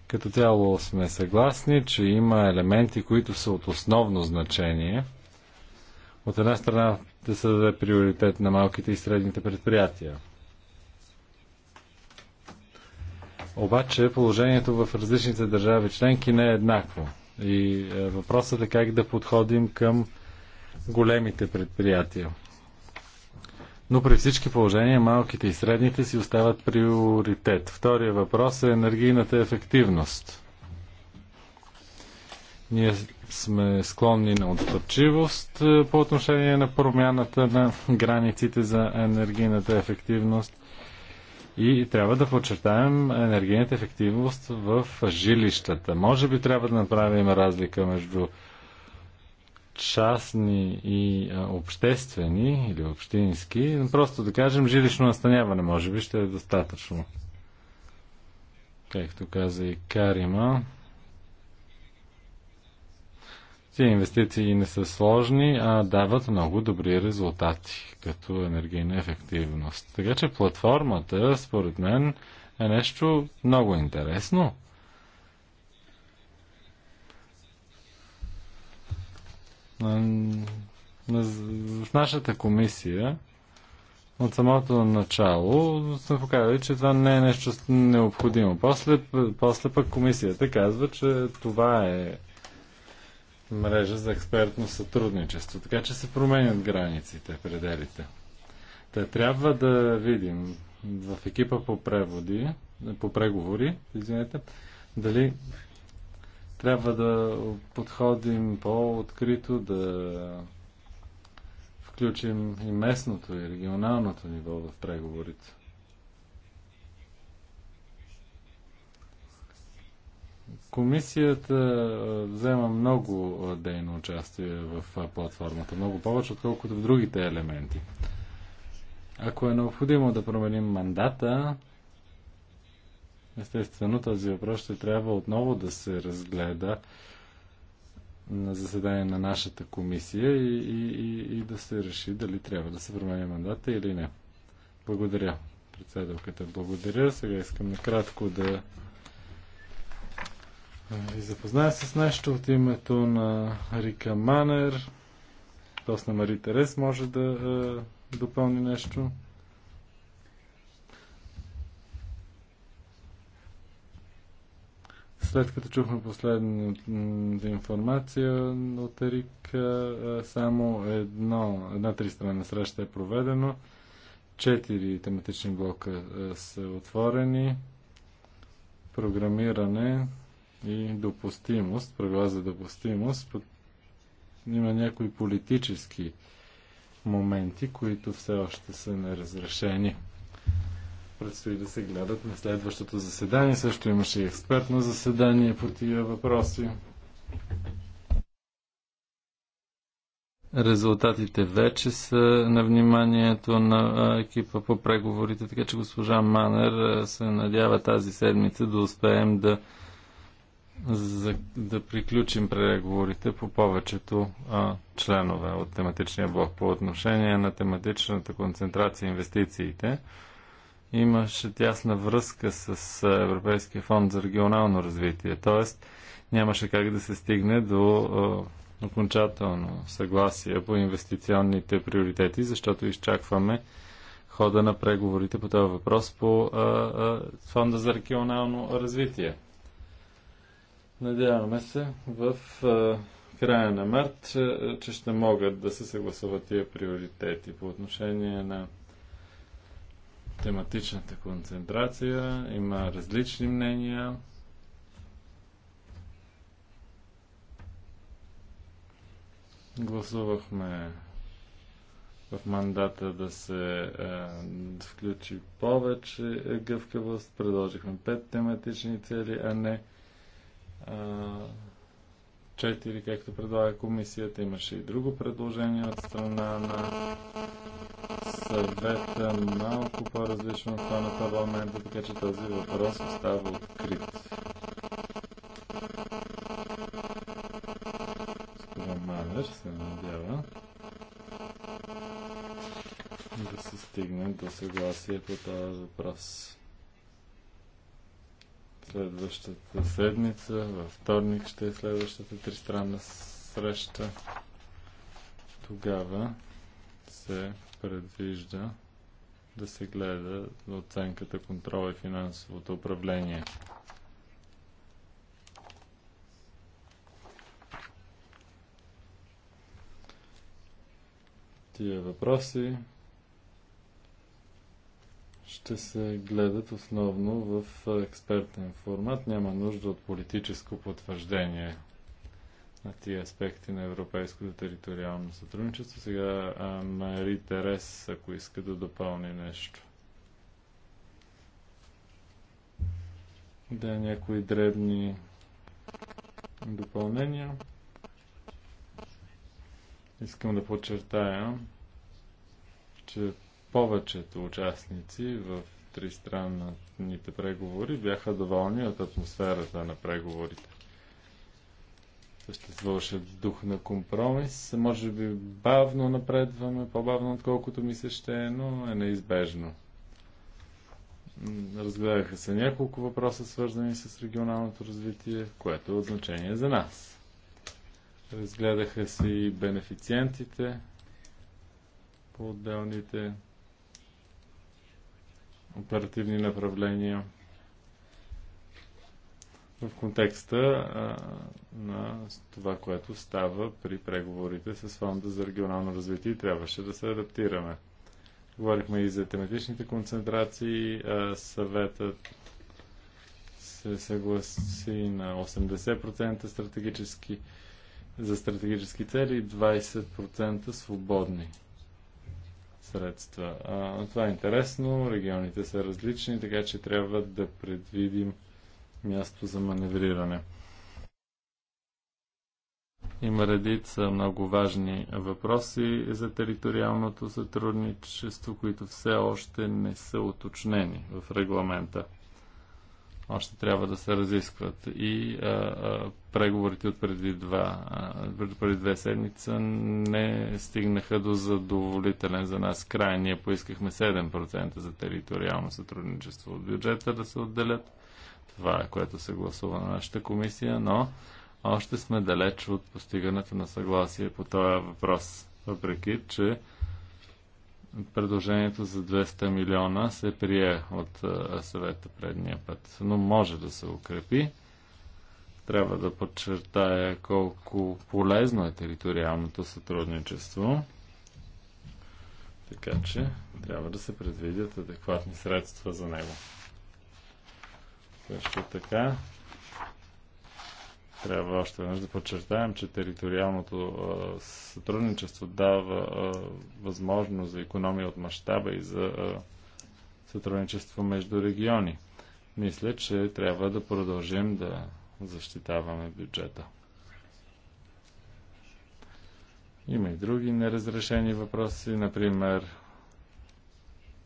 Като цяло сме съгласни, че има елементи, които са от основно значение. От една страна да се даде приоритет на малките и средните предприятия – Обаче положението в различните държави членки не е еднакво. И е, въпросът е как да подходим към големите предприятия. Но при всички положения малките и средните си остават приоритет. Втория въпрос е енергийната ефективност. Ние сме склонни на отстъпчивост е, по отношение на промяната на границите за енергийната ефективност. И трябва да подчертаем енергийната ефективност в жилищата. Може би трябва да направим разлика между частни и обществени или общински. Просто да кажем жилищно настаняване, може би ще е достатъчно. Както каза и Карима. Тези инвестиции не са сложни, а дават много добри резултати като енергийна ефективност. Така че платформата, според мен, е нещо много интересно. В нашата комисия от самото начало сме показали, че това не е нещо необходимо. После, после пък комисията казва, че това е мрежа за експертно сътрудничество. Така че се променят границите, пределите. Те трябва да видим в екипа по преводи, по преговори, извинете, дали трябва да подходим по-открито, да включим и местното и регионалното ниво в преговорите. Комисията взема много дейно участие в платформата, много повече, отколкото в другите елементи. Ако е необходимо да променим мандата, естествено този въпрос ще трябва отново да се разгледа на заседание на нашата комисия и, и, и, и да се реши дали трябва да се променя мандата или не. Благодаря, председателката. Благодаря. Сега искам накратко да и ами, запозная с нещо от името на Рика Манер. Тост на Мари Терес може да е, допълни нещо. След като чухме последната информация от Рик само едно, една тристранна среща е проведено. Четири тематични блока са отворени. Програмиране, и допустимост, правила за допустимост, има някои политически моменти, които все още са неразрешени. Предстои да се гледат на следващото заседание. Също имаше и експертно заседание по тия въпроси. Резултатите вече са на вниманието на екипа по преговорите, така че госпожа Манер се надява тази седмица да успеем да за да приключим преговорите по повечето а, членове от тематичния блок. По отношение на тематичната концентрация инвестициите, имаше тясна връзка с Европейския фонд за регионално развитие. Тоест, нямаше как да се стигне до а, окончателно съгласие по инвестиционните приоритети, защото изчакваме хода на преговорите по този въпрос по а, а, фонда за регионално развитие. Надяваме се в края на март, че ще могат да се съгласуват тия приоритети по отношение на тематичната концентрация. Има различни мнения. Гласувахме в мандата да се е, да включи повече гъвкавост. Предложихме пет тематични цели, а не 4, както предлага комисията. Имаше и друго предложение от страна на съвета, малко по-различно от това на парламента, така че този въпрос остава открит. Господин Манер се надява да се стигне до съгласие по този въпрос следващата седмица. Във вторник ще е следващата тристранна среща. Тогава се предвижда да се гледа оценката, контрола и финансовото управление. Тия въпроси ще се гледат основно в експертен формат. Няма нужда от политическо потвърждение на тия аспекти на европейското териториално сътрудничество. Сега Мари Терес, ако иска да допълни нещо. Да, някои дребни допълнения. Искам да подчертая, че повечето участници в тристранните преговори бяха доволни от атмосферата на преговорите. Съществуваше дух на компромис. Може би бавно напредваме, по-бавно отколкото ми се ще е, но е неизбежно. Разгледаха се няколко въпроса, свързани с регионалното развитие, което е от значение за нас. Разгледаха се и бенефициентите по отделните оперативни направления в контекста а, на това, което става при преговорите с Фонда за регионално развитие трябваше да се адаптираме. Говорихме и за тематичните концентрации. А, съветът се съгласи на 80% стратегически, за стратегически цели и 20% свободни средства. А, това е интересно, регионите са различни, така че трябва да предвидим място за маневриране. Има редица много важни въпроси за териториалното сътрудничество, които все още не са уточнени в регламента още трябва да се разискват. И а, а, преговорите от преди, два, а, преди две седмица не стигнаха до задоволителен за нас край. Ние поискахме 7% за териториално сътрудничество от бюджета да се отделят. Това е което се гласува на нашата комисия, но още сме далеч от постигането на съгласие по този въпрос. Въпреки, че предложението за 200 милиона се прие от съвета предния път, но може да се укрепи. Трябва да подчертая колко полезно е териториалното сътрудничество. Така че трябва да се предвидят адекватни средства за него. Също така трябва още веднъж да подчертаем, че териториалното а, сътрудничество дава а, възможност за економия от мащаба и за а, сътрудничество между региони. Мисля, че трябва да продължим да защитаваме бюджета. Има и други неразрешени въпроси, например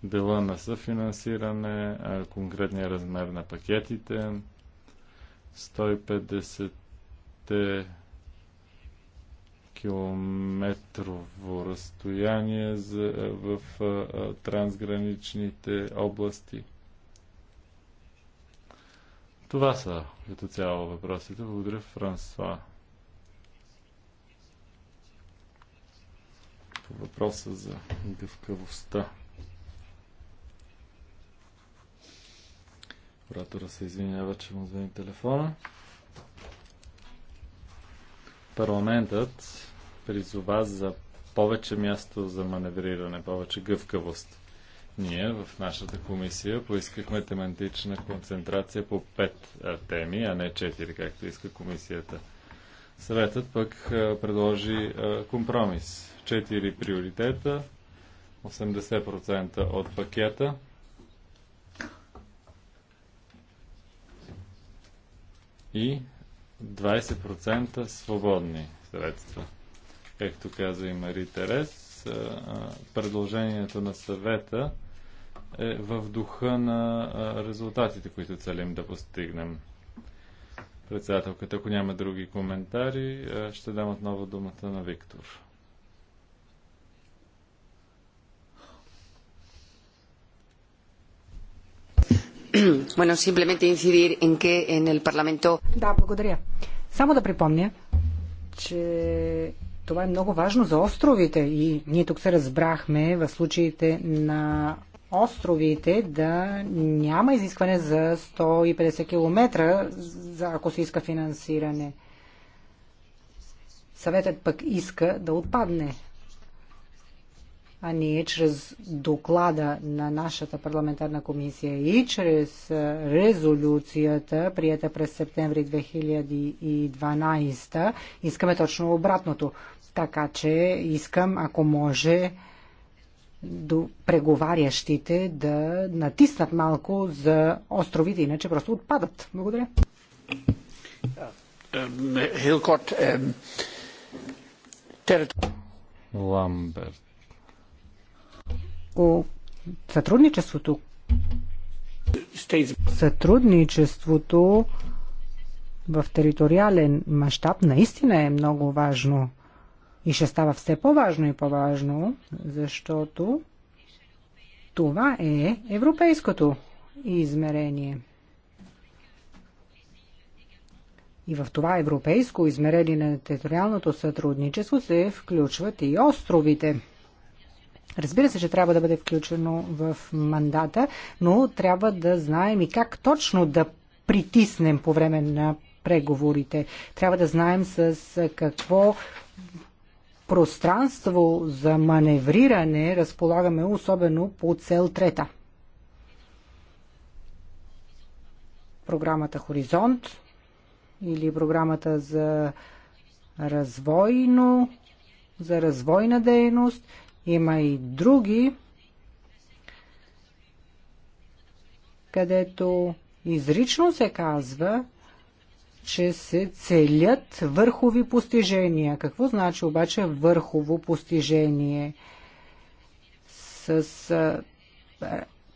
дела на съфинансиране, конкретния размер на пакетите, 150 те километрово разстояние за, е, в а, е, е, трансграничните области. Това са като цяло въпросите. Благодаря, Франсуа. По въпроса за гъвкавостта. Оратора се извинява, че му звъни телефона парламентът призова за повече място за маневриране, повече гъвкавост. Ние в нашата комисия поискахме тематична концентрация по пет теми, а не четири, както иска комисията. Съветът пък предложи компромис. Четири приоритета, 80% от пакета, и 20% свободни средства. Както каза и Мари Терес, предложението на съвета е в духа на резултатите, които целим да постигнем. Председателката, ако няма други коментари, ще дам отново думата на Виктор. <clears throat> bueno, simplemente incidir en que en el Parlamento... Да, благодаря. Само да припомня, че това е много важно за островите и ние тук се разбрахме в случаите на островите да няма изискване за 150 км, за ако се иска финансиране. Съветът пък иска да отпадне а ние чрез доклада на нашата парламентарна комисия и чрез резолюцията, прията през септември 2012, искаме точно обратното. Така че искам, ако може, до преговарящите да натиснат малко за островите, иначе просто отпадат. Благодаря. Е, е, Ламберт сътрудничеството сътрудничеството в териториален мащаб наистина е много важно и ще става все по-важно и по-важно, защото това е европейското измерение. И в това европейско измерение на териториалното сътрудничество се включват и островите – Разбира се, че трябва да бъде включено в мандата, но трябва да знаем и как точно да притиснем по време на преговорите. Трябва да знаем с какво пространство за маневриране разполагаме, особено по цел трета. Програмата Хоризонт или програмата за развойно, за развойна дейност – има и други, където изрично се казва, че се целят върхови постижения. Какво значи обаче върхово постижение? С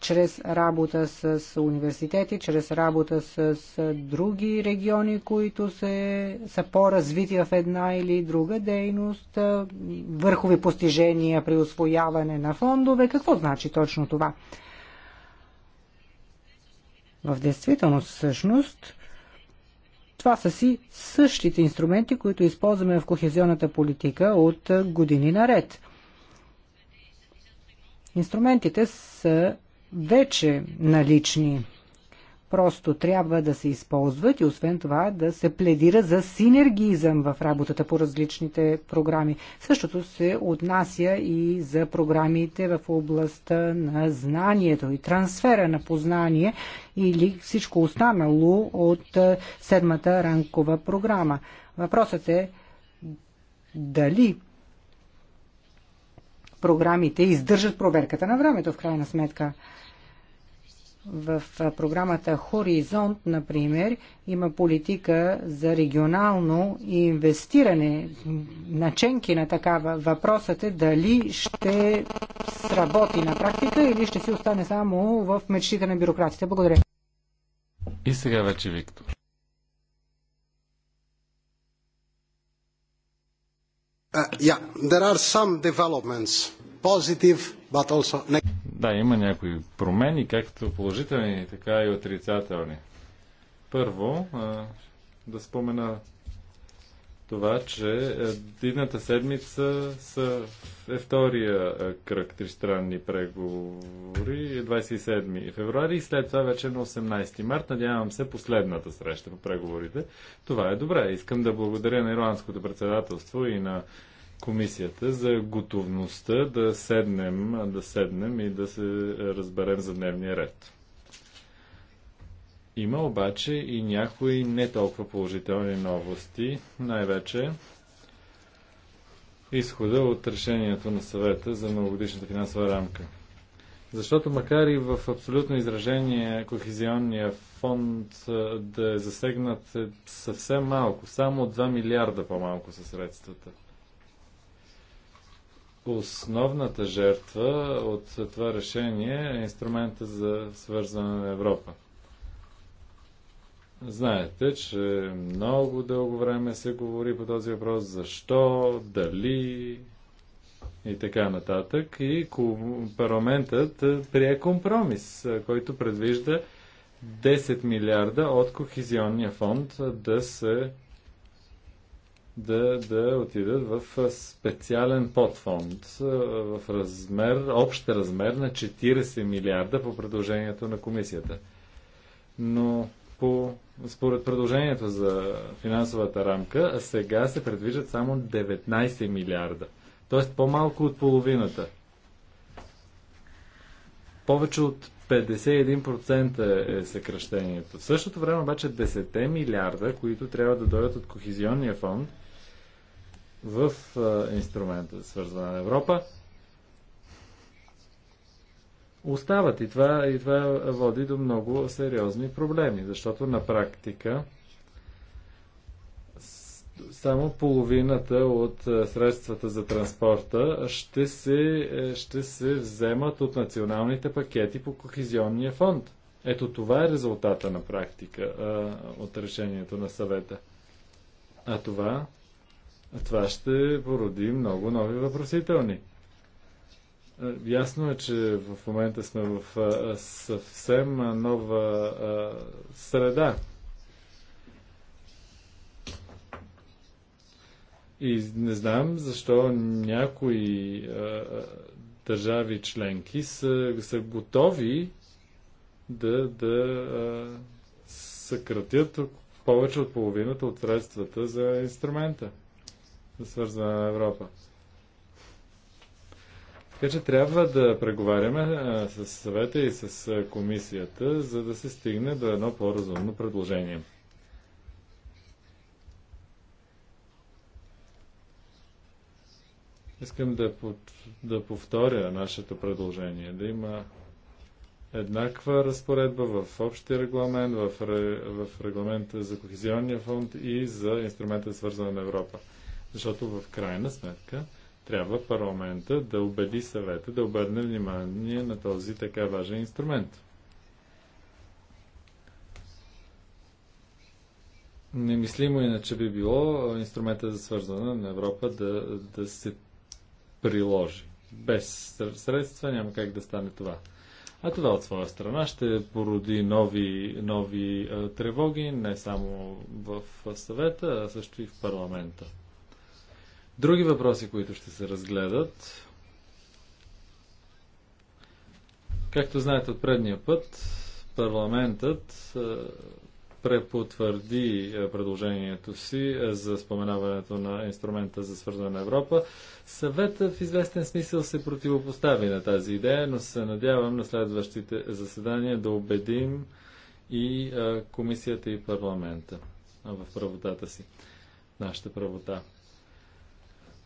чрез работа с университети, чрез работа с други региони, които се, са по-развити в една или друга дейност, върхови постижения при освояване на фондове. Какво значи точно това? В действителност, всъщност, това са си същите инструменти, които използваме в кохезионната политика от години наред. Инструментите са вече налични. Просто трябва да се използват и освен това да се пледира за синергизъм в работата по различните програми. Същото се отнася и за програмите в областта на знанието и трансфера на познание или всичко останало от е, седмата ранкова програма. Въпросът е дали програмите издържат проверката на времето, в крайна сметка. В програмата Хоризонт, например, има политика за регионално инвестиране, наченки на такава. Въпросът е дали ще сработи на практика или ще си остане само в мечтите на бюрократите. Благодаря. И сега вече Виктор. Uh, да, има някои промени, както положителни, така и отрицателни. Първо, да спомена това, че е, едната седмица са, е втория е, кръг тристранни преговори, 27 февруари и след това вече на 18 март. Надявам се последната среща по преговорите. Това е добре. Искам да благодаря на Ирландското председателство и на комисията за готовността да седнем, да седнем и да се разберем за дневния ред. Има обаче и някои не толкова положителни новости, най-вече изхода от решението на съвета за многогодишната финансова рамка. Защото макар и в абсолютно изражение кохезионния фонд да е засегнат е съвсем малко, само 2 милиарда по-малко са средствата. Основната жертва от това решение е инструмента за свързване на Европа – Знаете, че много дълго време се говори по този въпрос, защо, дали и така нататък. И парламентът прие компромис, който предвижда 10 милиарда от Кохизионния фонд да се да, да отидат в специален подфонд в размер, общ размер на 40 милиарда по предложението на комисията. Но по, според предложението за финансовата рамка, а сега се предвиждат само 19 милиарда. Тоест по-малко от половината. Повече от 51% е съкръщението. В същото време обаче 10 милиарда, които трябва да дойдат от Кохизионния фонд в инструмента свързана Европа, остават и това, и това води до много сериозни проблеми, защото на практика само половината от е, средствата за транспорта ще се, е, ще се вземат от националните пакети по Кохезионния фонд. Ето това е резултата на практика а, е, от решението на съвета. А това, това ще породи много нови въпросителни. Е, ясно е, че в момента сме в е, съвсем нова е, среда. И не знам защо някои държави членки са, са готови да, да съкратят повече от половината от средствата за инструмента за свързване на Европа. Така че трябва да преговаряме а, с съвета и с а, комисията, за да се стигне до едно по-разумно предложение. Искам да, под, да повторя нашето предложение, да има еднаква разпоредба в общия регламент, в, в регламента за Кохезионния фонд и за инструмента свързана на Европа. Защото в крайна сметка трябва парламента да убеди съвета да обърне внимание на този така важен инструмент. Немислимо иначе би било инструмента за свързване на Европа да, да се приложи. Без средства няма как да стане това. А това от своя страна ще породи нови, нови тревоги, не само в съвета, а също и в парламента. Други въпроси, които ще се разгледат. Както знаете от предния път, парламентът е, препотвърди е, предложението си е, за споменаването на инструмента за свързване на Европа. Съвета в известен смисъл се противопостави на тази идея, но се надявам на следващите заседания да убедим и комисията и парламента в правотата си, нашата правота.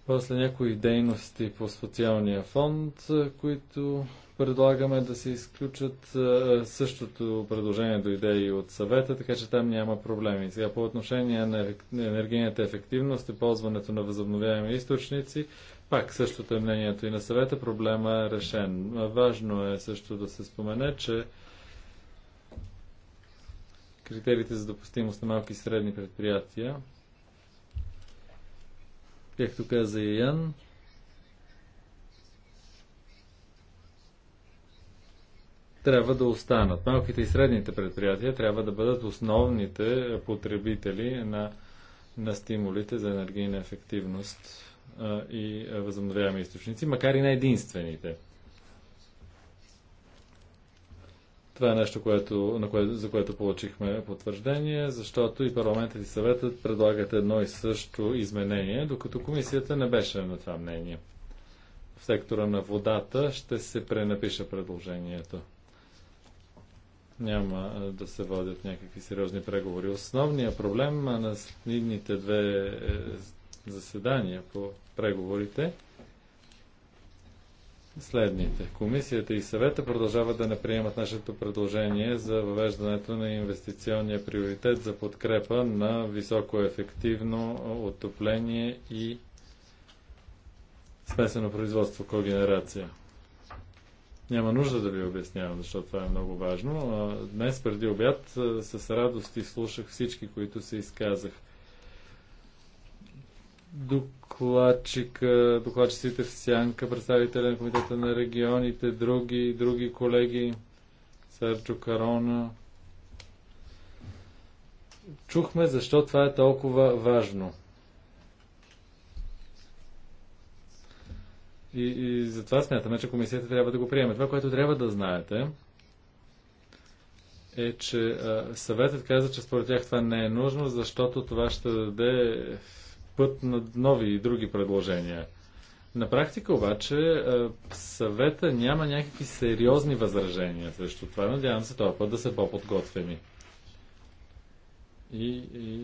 После някои дейности по социалния фонд, които предлагаме да се изключат. Същото предложение дойде и от съвета, така че там няма проблеми. Сега по отношение на енергийната ефективност и ползването на възобновяеми източници, пак същото е мнението и на съвета, проблема е решен. Важно е също да се спомене, че критериите за допустимост на малки и средни предприятия Както каза и Ян, трябва да останат. Малките и средните предприятия трябва да бъдат основните потребители на, на стимулите за енергийна ефективност а, и възобновяеми източници, макар и на единствените. Това е нещо, което, на кое, за което получихме потвърждение, защото и парламентът и съветът предлагат едно и също изменение, докато комисията не беше на това мнение. В сектора на водата ще се пренапише предложението. Няма да се водят някакви сериозни преговори. Основният проблем на следните две е, заседания по преговорите – следните. Комисията и съвета продължават да не приемат нашето предложение за въвеждането на инвестиционния приоритет за подкрепа на високоефективно отопление и смесено производство когенерация. Няма нужда да ви обяснявам, защото това е много важно. Днес преди обяд с радост слушах всички, които се изказах – докладчика, докладчиците в Сянка, представителя на Комитета на регионите, други, други колеги, Серджо Карона. Чухме защо това е толкова важно. И, и затова смятаме, че комисията трябва да го приеме. Това, което трябва да знаете, е, че а, съветът каза, че според тях това не е нужно, защото това ще даде път на нови и други предложения. На практика обаче е, съвета няма някакви сериозни възражения срещу това. Надявам се този път да са по-подготвени. И, и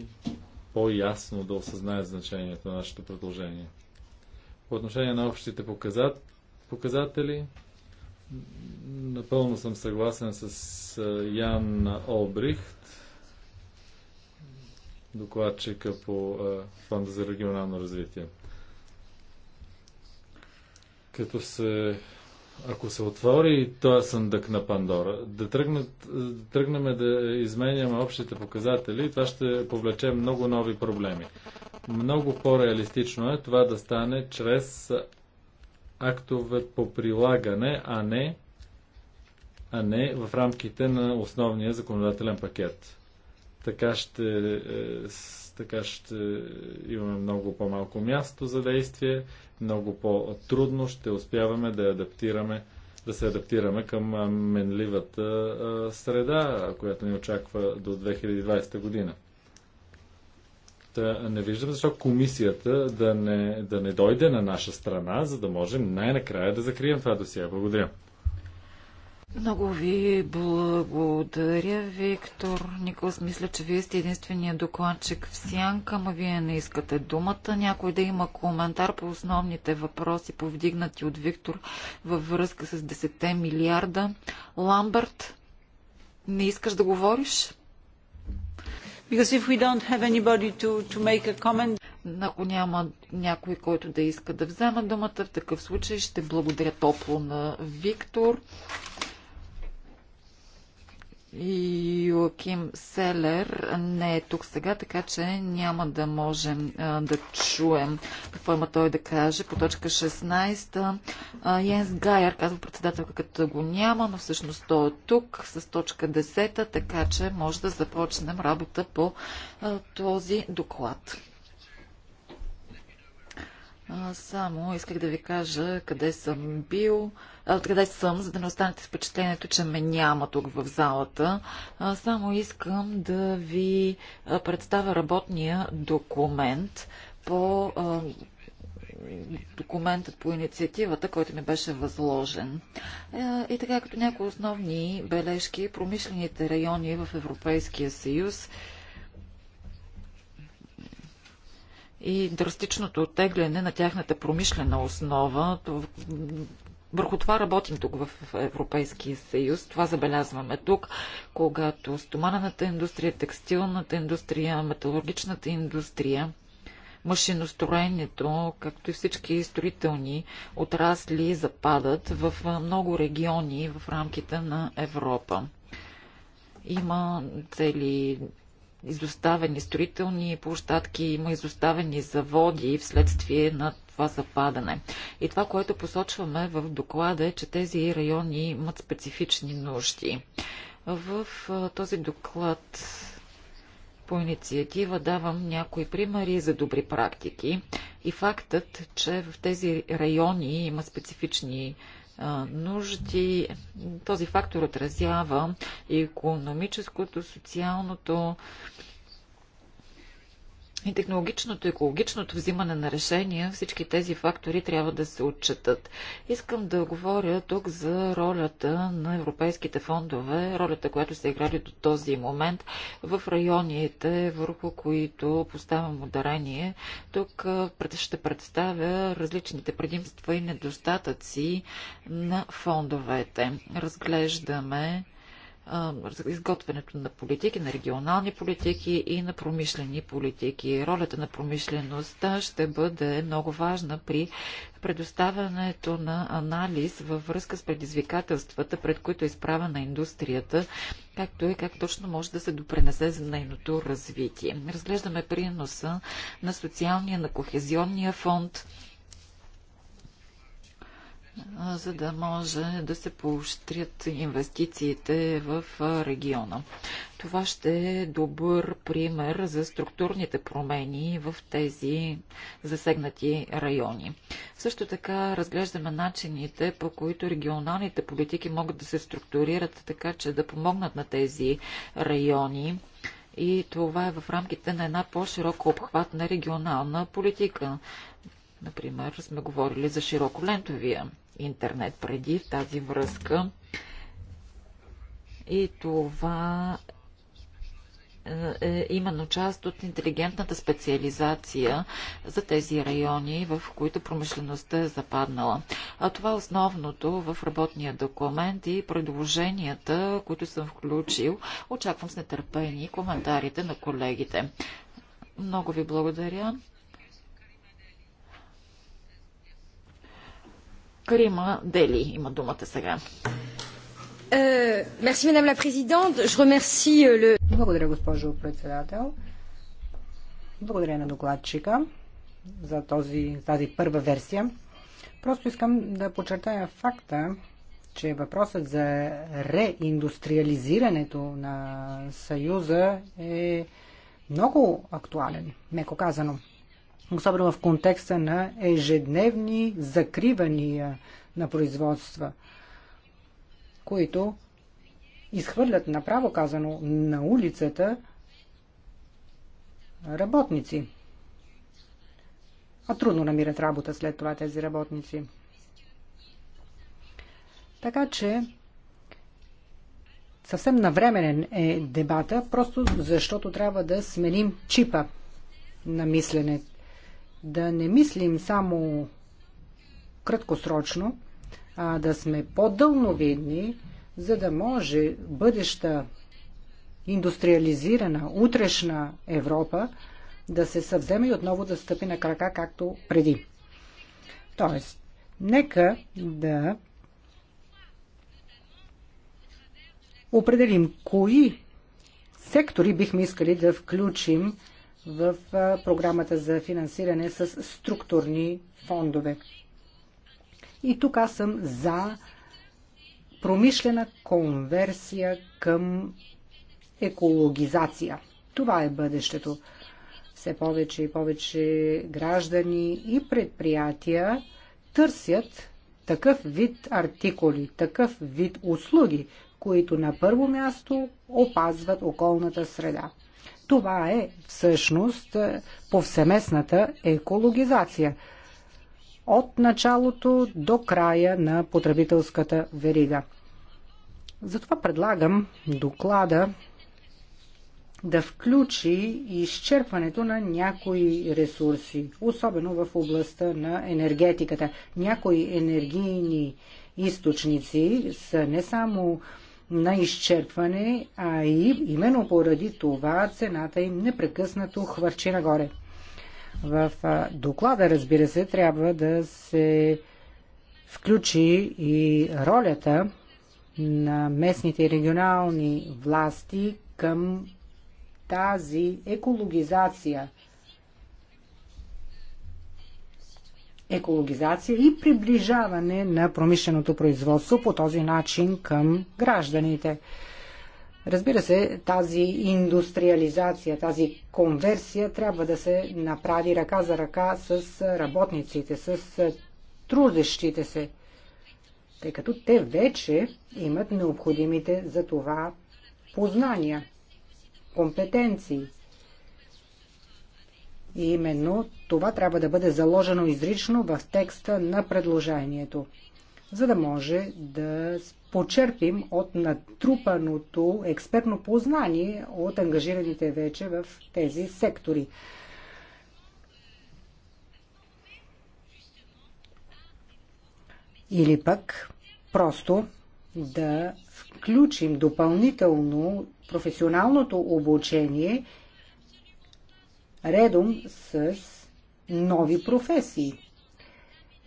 по-ясно да осъзнаят значението на нашето предложение. По отношение на общите показат, показатели, напълно съм съгласен с е, Ян Олбрихт докладчика по Фонда за регионално развитие. Като се ако се отвори този съндък на Пандора, да, тръгнат, да тръгнем да изменяме общите показатели, това ще повлече много нови проблеми. Много по-реалистично е това да стане чрез актове по прилагане, а не, а не в рамките на основния законодателен пакет. Така ще, е, така ще имаме много по-малко място за действие, много по-трудно ще успяваме да адаптираме да се адаптираме към е, менливата е, среда, която ни очаква до 2020 година. Та не виждам защо комисията да не, да не дойде на наша страна, за да можем най-накрая да закрием това досия. Благодаря. Много ви благодаря, Виктор Николас. Мисля, че вие сте единствения докладчик в Сянка, ама вие не искате думата. Някой да има коментар по основните въпроси, повдигнати от Виктор във връзка с 10 милиарда. Ламбърт, не искаш да говориш? To, to Ако няма някой, който да иска да взема думата, в такъв случай ще благодаря топло на Виктор. Йоаким Селер не е тук сега, така че няма да можем а, да чуем какво има той да каже. По точка 16 Йенс Гайер казва председателка, като го няма, но всъщност той е тук с точка 10, така че може да започнем работа по а, този доклад. А, само исках да ви кажа къде съм бил, а, къде съм, за да не останете с впечатлението, че ме няма тук в залата. А, само искам да ви представя работния документ по а, документът по инициативата, който ми беше възложен. И така, като някои основни бележки, промишлените райони в Европейския съюз и драстичното оттегляне на тяхната промишлена основа. Върху това работим тук в Европейския съюз. Това забелязваме тук, когато стоманената индустрия, текстилната индустрия, металургичната индустрия, машиностроението, както и всички строителни отрасли западат в много региони в рамките на Европа. Има цели изоставени строителни площадки, има изоставени заводи вследствие на това западане. И това, което посочваме в доклада е, че тези райони имат специфични нужди. В този доклад по инициатива давам някои примери за добри практики и фактът, че в тези райони има специфични нужди. Този фактор отразява и економическото, социалното, и технологичното, и екологичното взимане на решения, всички тези фактори трябва да се отчетат. Искам да говоря тук за ролята на европейските фондове, ролята, която са играли до този момент в районите, върху които поставям ударение. Тук ще представя различните предимства и недостатъци на фондовете. Разглеждаме изготвянето на политики, на регионални политики и на промишлени политики. Ролята на промишлеността ще бъде много важна при предоставянето на анализ във връзка с предизвикателствата, пред които е изправена индустрията, както и как точно може да се допренесе за нейното развитие. Разглеждаме приноса на социалния, на кохезионния фонд, за да може да се поощрят инвестициите в региона. Това ще е добър пример за структурните промени в тези засегнати райони. Също така разглеждаме начините, по които регионалните политики могат да се структурират така, че да помогнат на тези райони и това е в рамките на една по-широко обхватна регионална политика. Например, сме говорили за широколентовия интернет преди в тази връзка. И това е именно част от интелигентната специализация за тези райони, в които промишлеността е западнала. А това е основното в работния документ и предложенията, които съм включил. Очаквам с нетърпение коментарите на колегите. Много ви благодаря. Карима Дели има думата сега. Е, е, Благодаря, госпожо председател. Благодаря на докладчика за този, тази първа версия. Просто искам да подчертая факта, че въпросът за реиндустриализирането на Съюза е много актуален, меко казано особено в контекста на ежедневни закривания на производства, които изхвърлят направо казано на улицата работници. А трудно намират работа след това тези работници. Така че съвсем навременен е дебата, просто защото трябва да сменим чипа на мисленето да не мислим само краткосрочно, а да сме по-дълновидни, за да може бъдеща индустриализирана, утрешна Европа да се съвземе и отново да стъпи на крака, както преди. Тоест, нека да определим кои сектори бихме искали да включим в програмата за финансиране с структурни фондове. И тук аз съм за промишлена конверсия към екологизация. Това е бъдещето. Все повече и повече граждани и предприятия търсят такъв вид артикули, такъв вид услуги, които на първо място опазват околната среда. Това е всъщност е, повсеместната екологизация от началото до края на потребителската верига. Затова предлагам доклада да включи изчерпването на някои ресурси, особено в областта на енергетиката. Някои енергийни източници са не само на изчерпване, а и именно поради това цената им непрекъснато хвърчи нагоре. В доклада, разбира се, трябва да се включи и ролята на местните и регионални власти към тази екологизация екологизация и приближаване на промишленото производство по този начин към гражданите. Разбира се, тази индустриализация, тази конверсия трябва да се направи ръка за ръка с работниците, с трудещите се, тъй като те вече имат необходимите за това познания, компетенции – и именно това трябва да бъде заложено изрично в текста на предложението, за да може да почерпим от натрупаното експертно познание от ангажираните вече в тези сектори. Или пък просто да включим допълнително професионалното обучение редом с нови професии.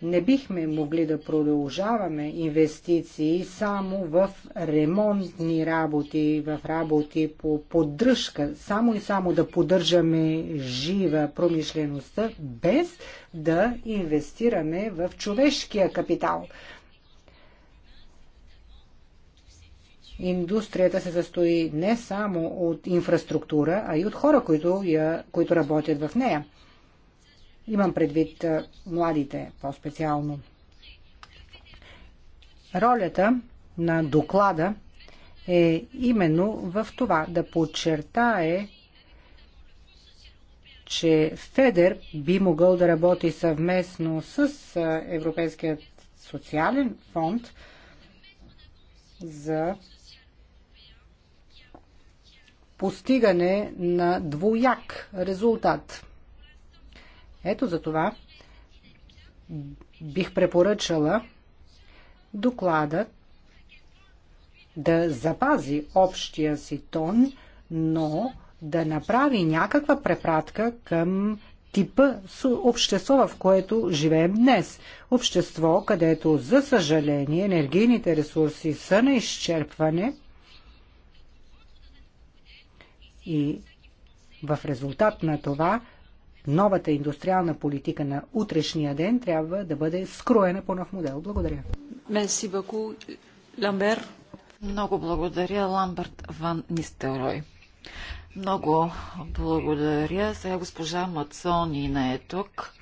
Не бихме могли да продължаваме инвестиции само в ремонтни работи, в работи по поддръжка, само и само да поддържаме жива промишлеността, без да инвестираме в човешкия капитал. индустрията се състои не само от инфраструктура, а и от хора, които, я, които работят в нея. Имам предвид младите по-специално. Ролята на доклада е именно в това да подчертае, че Федер би могъл да работи съвместно с Европейският социален фонд за постигане на двояк резултат. Ето за това бих препоръчала докладът да запази общия си тон, но да направи някаква препратка към типа общество, в което живеем днес. Общество, където, за съжаление, енергийните ресурси са на изчерпване и в резултат на това новата индустриална политика на утрешния ден трябва да бъде скроена по нов модел. Благодаря. Менси Баку, Ламбер. Много благодаря, Ламберт Ван Нистерой. Много благодаря. Сега госпожа Мацони не е тук.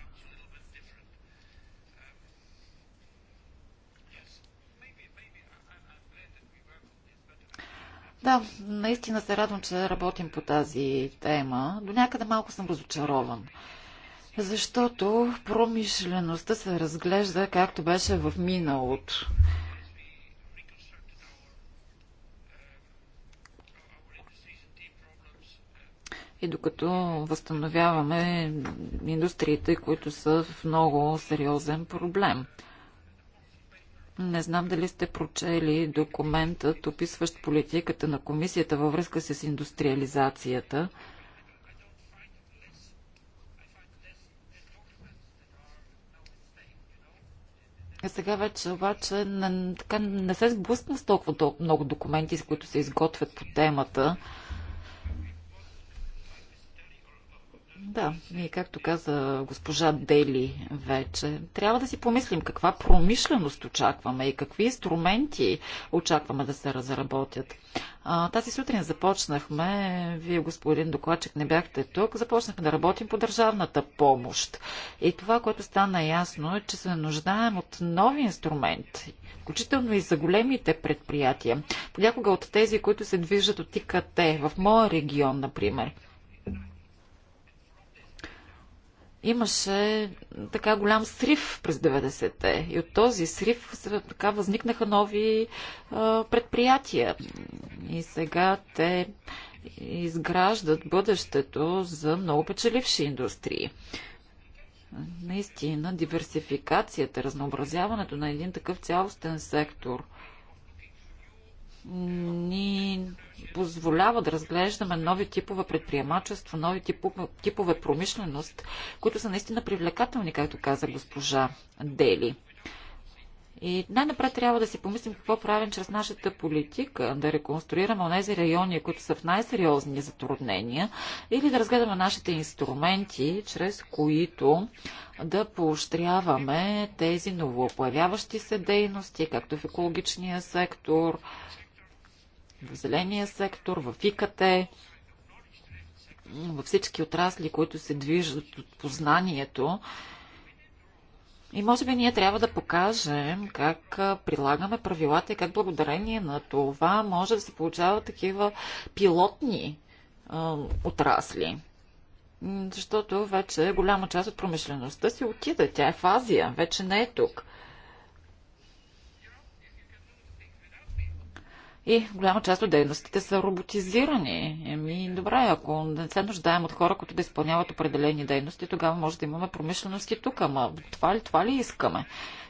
Да, наистина се радвам, че работим по тази тема. До някъде малко съм разочарован. Защото промишлеността се разглежда както беше в миналото. И докато възстановяваме индустриите, които са в много сериозен проблем – не знам дали сте прочели документът, описващ политиката на комисията във връзка с индустриализацията. сега вече обаче не, така, не се сблъсна с толкова много документи, с които се изготвят по темата. Да, и както каза госпожа Дели вече, трябва да си помислим каква промишленост очакваме и какви инструменти очакваме да се разработят. А, тази сутрин започнахме, вие господин докладчик не бяхте тук, започнахме да работим по държавната помощ. И това, което стана ясно е, че се нуждаем от нови инструменти, включително и за големите предприятия. Понякога от тези, които се движат от ИКТ, в моя регион, например – имаше така голям срив през 90-те. И от този срив така възникнаха нови а, предприятия. И сега те изграждат бъдещето за много печеливши индустрии. Наистина, диверсификацията, разнообразяването на един такъв цялостен сектор – ни позволява да разглеждаме нови типове предприемачество, нови типове, типове промишленост, които са наистина привлекателни, както каза госпожа Дели. И най-напред трябва да си помислим какво правим чрез нашата политика, да реконструираме тези райони, които са в най-сериозни затруднения, или да разгледаме нашите инструменти, чрез които да поощряваме тези новопоявяващи се дейности, както в екологичния сектор, в зеления сектор, в ИКТ, във всички отрасли, които се движат от познанието. И може би ние трябва да покажем как прилагаме правилата и как благодарение на това може да се получават такива пилотни а, отрасли. Защото вече голяма част от промишлеността си отида. Тя е в Азия, вече не е тук. И голяма част от дейностите са роботизирани. Еми, добре, ако не се нуждаем от хора, които да изпълняват определени дейности, тогава може да имаме промишленост и тук. Ама това ли, това ли искаме?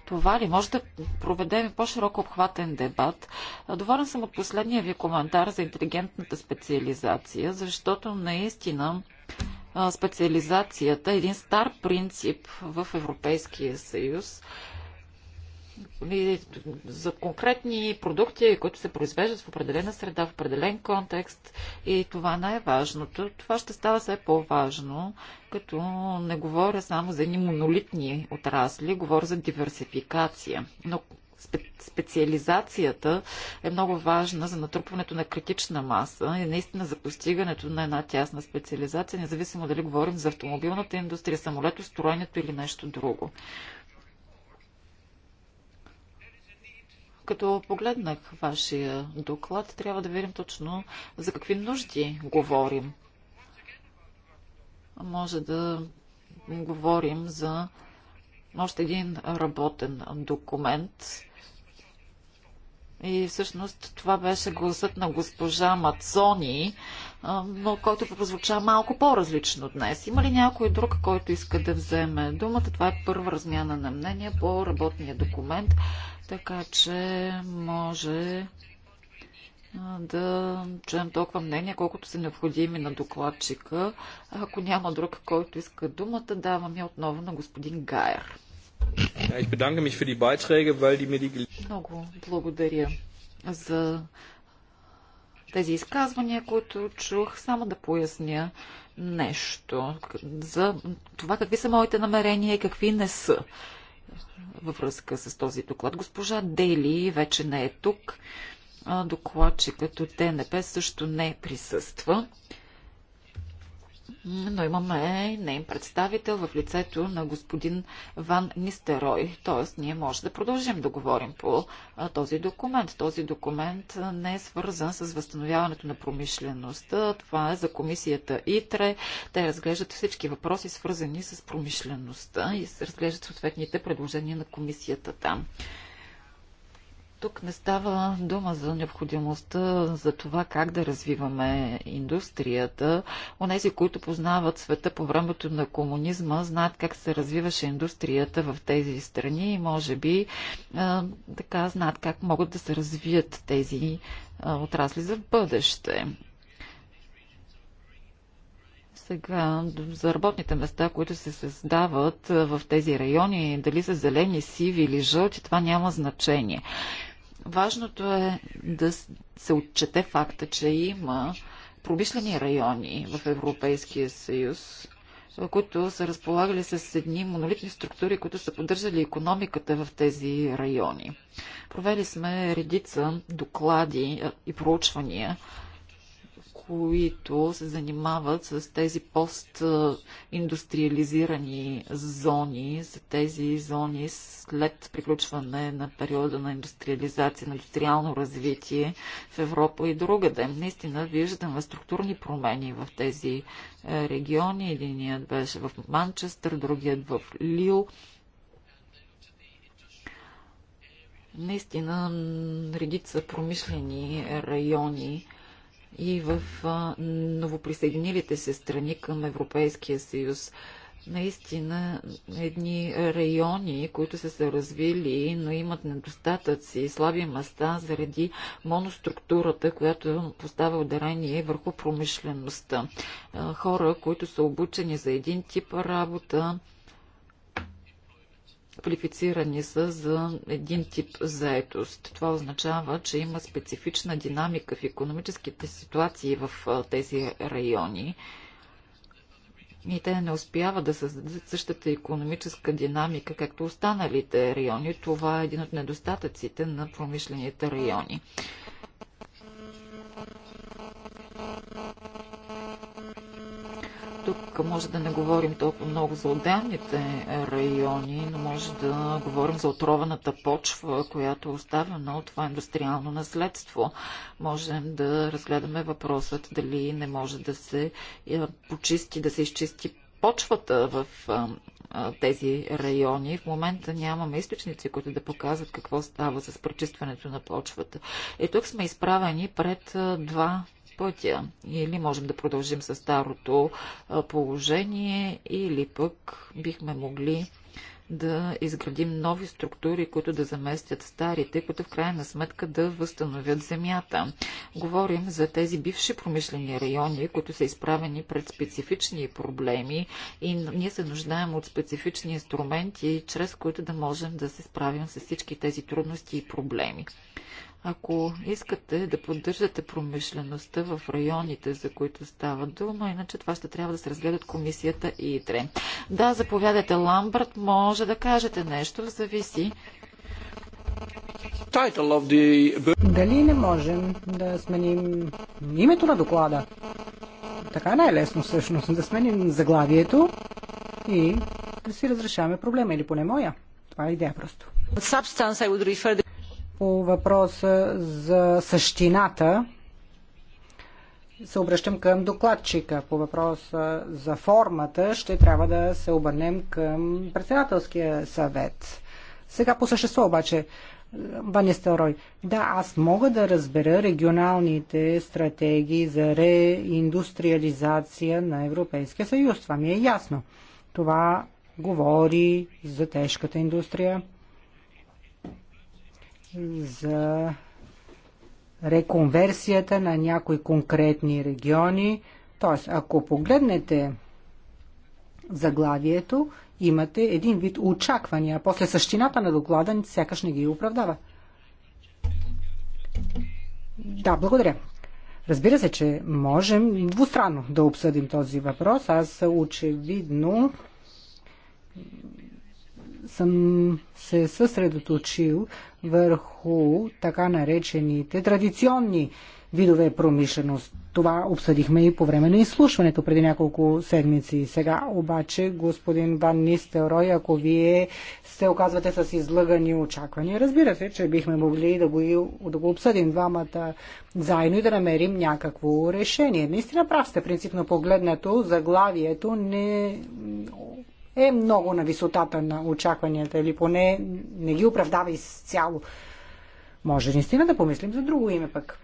Това ли? Може да проведем по-широко обхватен дебат. Доволен съм от последния ви коментар за интелигентната специализация, защото наистина специализацията е един стар принцип в Европейския съюз – за конкретни продукти, които се произвеждат в определена среда, в определен контекст и това най-важното. Това ще става все по-важно, като не говоря само за едни монолитни отрасли, говоря за диверсификация. Но специализацията е много важна за натрупването на критична маса и наистина за постигането на една тясна специализация, независимо дали говорим за автомобилната индустрия, самолетостроенето или нещо друго. като погледнах вашия доклад, трябва да видим точно за какви нужди говорим. Може да говорим за още един работен документ. И всъщност това беше гласът на госпожа Мацони, но който прозвуча малко по-различно днес. Има ли някой друг, който иска да вземе думата? Това е първа размяна на мнение по работния документ така че може да чуем толкова мнение, колкото са необходими на докладчика. Ако няма друг, който иска думата, давам я отново на господин Гайер. Много благодаря за тези изказвания, които чух, само да поясня нещо за това какви са моите намерения и какви не са във връзка с този доклад. Госпожа Дели вече не е тук. Докладчикът от ДНП също не присъства но имаме нейн представител в лицето на господин Ван Нистерой. Т.е. ние може да продължим да говорим по този документ. Този документ не е свързан с възстановяването на промишлеността. Това е за комисията ИТРЕ. Те разглеждат всички въпроси, свързани с промишлеността и разглеждат съответните предложения на комисията там. Тук не става дума за необходимостта за това как да развиваме индустрията. Онези, които познават света по времето на комунизма, знаят как се развиваше индустрията в тези страни и може би а, така знаят как могат да се развият тези а, отрасли за бъдеще. Сега, за работните места, които се създават в тези райони, дали са зелени, сиви или жълти, това няма значение. Важното е да се отчете факта, че има промишлени райони в Европейския съюз, които са разполагали с едни монолитни структури, които са поддържали економиката в тези райони. Провели сме редица доклади и проучвания които се занимават с тези постиндустриализирани зони, за тези зони след приключване на периода на индустриализация, на индустриално развитие в Европа и другаде. Наистина виждаме структурни промени в тези е, региони. Единият беше в Манчестър, другият в Лил. Наистина редица промишлени райони и в новоприсъединилите се страни към Европейския съюз. Наистина, едни райони, които са се развили, но имат недостатъци и слаби места заради моноструктурата, която поставя ударение върху промишлеността. Хора, които са обучени за един тип работа, квалифицирани са за един тип заетост. Това означава, че има специфична динамика в економическите ситуации в тези райони и те не успяват да създадат същата економическа динамика, както останалите райони. Това е един от недостатъците на промишлените райони. Тук може да не говорим толкова много за отделните райони, но може да говорим за отрованата почва, която е оставена от това индустриално наследство. Можем да разгледаме въпросът дали не може да се е, почисти, да се изчисти почвата в тези райони. В момента нямаме източници, които да показват какво става с пречистването на почвата. И е, тук сме изправени пред два пътя. Или можем да продължим с старото положение, или пък бихме могли да изградим нови структури, които да заместят старите, които в крайна сметка да възстановят земята. Говорим за тези бивши промишлени райони, които са изправени пред специфични проблеми и ние се нуждаем от специфични инструменти, чрез които да можем да се справим с всички тези трудности и проблеми ако искате да поддържате промишлеността в районите, за които става дума, иначе това ще трябва да се разгледат комисията комисията ИТРЕ. Да, заповядайте, Ламбърт, може да кажете нещо, зависи. Дали не можем да сменим името на доклада? Така най-лесно е всъщност да сменим заглавието и да си разрешаваме проблема или поне моя. Това е идея просто. Substance I would refer по въпроса за същината се обръщам към докладчика. По въпроса за формата ще трябва да се обърнем към председателския съвет. Сега по същество обаче, Ванеста Рой, да, аз мога да разбера регионалните стратегии за реиндустриализация на Европейския съюз. Това ми е ясно. Това говори за тежката индустрия, за реконверсията на някои конкретни региони. Тоест, ако погледнете заглавието, имате един вид очаквания, а после същината на доклада сякаш не ги оправдава. Да, благодаря. Разбира се, че можем двустранно да обсъдим този въпрос. Аз очевидно съм се съсредоточил върху така наречените традиционни видове промишленост. Това обсъдихме и по време на изслушването преди няколко седмици. Сега обаче, господин Ван Нистерой, ако вие се оказвате с излъгани очаквания, разбира се, че бихме могли да го, да го обсъдим двамата заедно и да намерим някакво решение. Наистина прав сте, принципно погледнато, заглавието не е много на висотата на очакванията или поне не ги оправдава изцяло. Може наистина да помислим за друго име пък.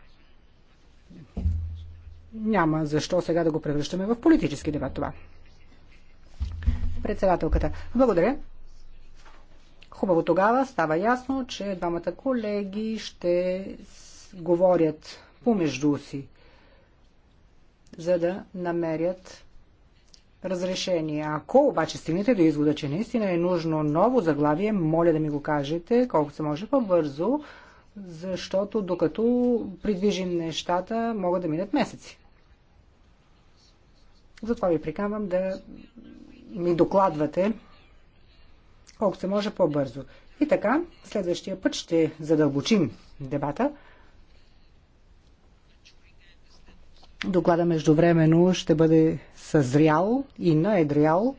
Няма защо сега да го превръщаме в политически дебат това. Председателката. Благодаря. Хубаво тогава става ясно, че двамата колеги ще говорят помежду си, за да намерят разрешение. Ако обаче стигнете до извода, че наистина е нужно ново заглавие, моля да ми го кажете колко се може по-бързо, защото докато придвижим нещата, могат да минат месеци. Затова ви приканвам да ми докладвате колко се може по-бързо. И така, следващия път ще задълбочим дебата. Доклада междувременно ще бъде съзрял и наедрял.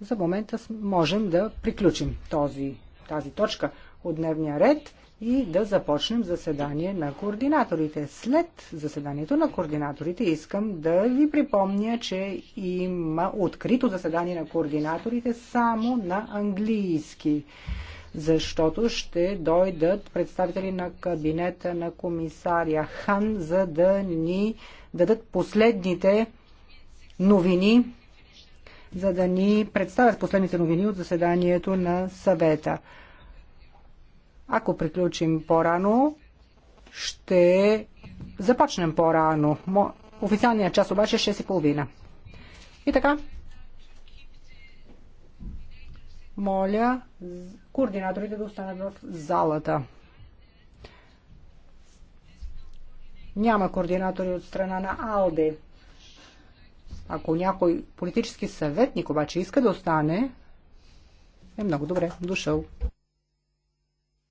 За момента можем да приключим този, тази точка от дневния ред и да започнем заседание на координаторите. След заседанието на координаторите искам да ви припомня, че има открито заседание на координаторите само на английски защото ще дойдат представители на кабинета на комисаря Хан, за да ни дадат последните новини, за да ни представят последните новини от заседанието на съвета. Ако приключим по-рано, ще започнем по-рано. Официалният час обаче е 6.30. И така, моля координаторите да останат в залата. Няма координатори от страна на АЛДЕ. Ако някой политически съветник обаче иска да остане, е много добре, дошъл.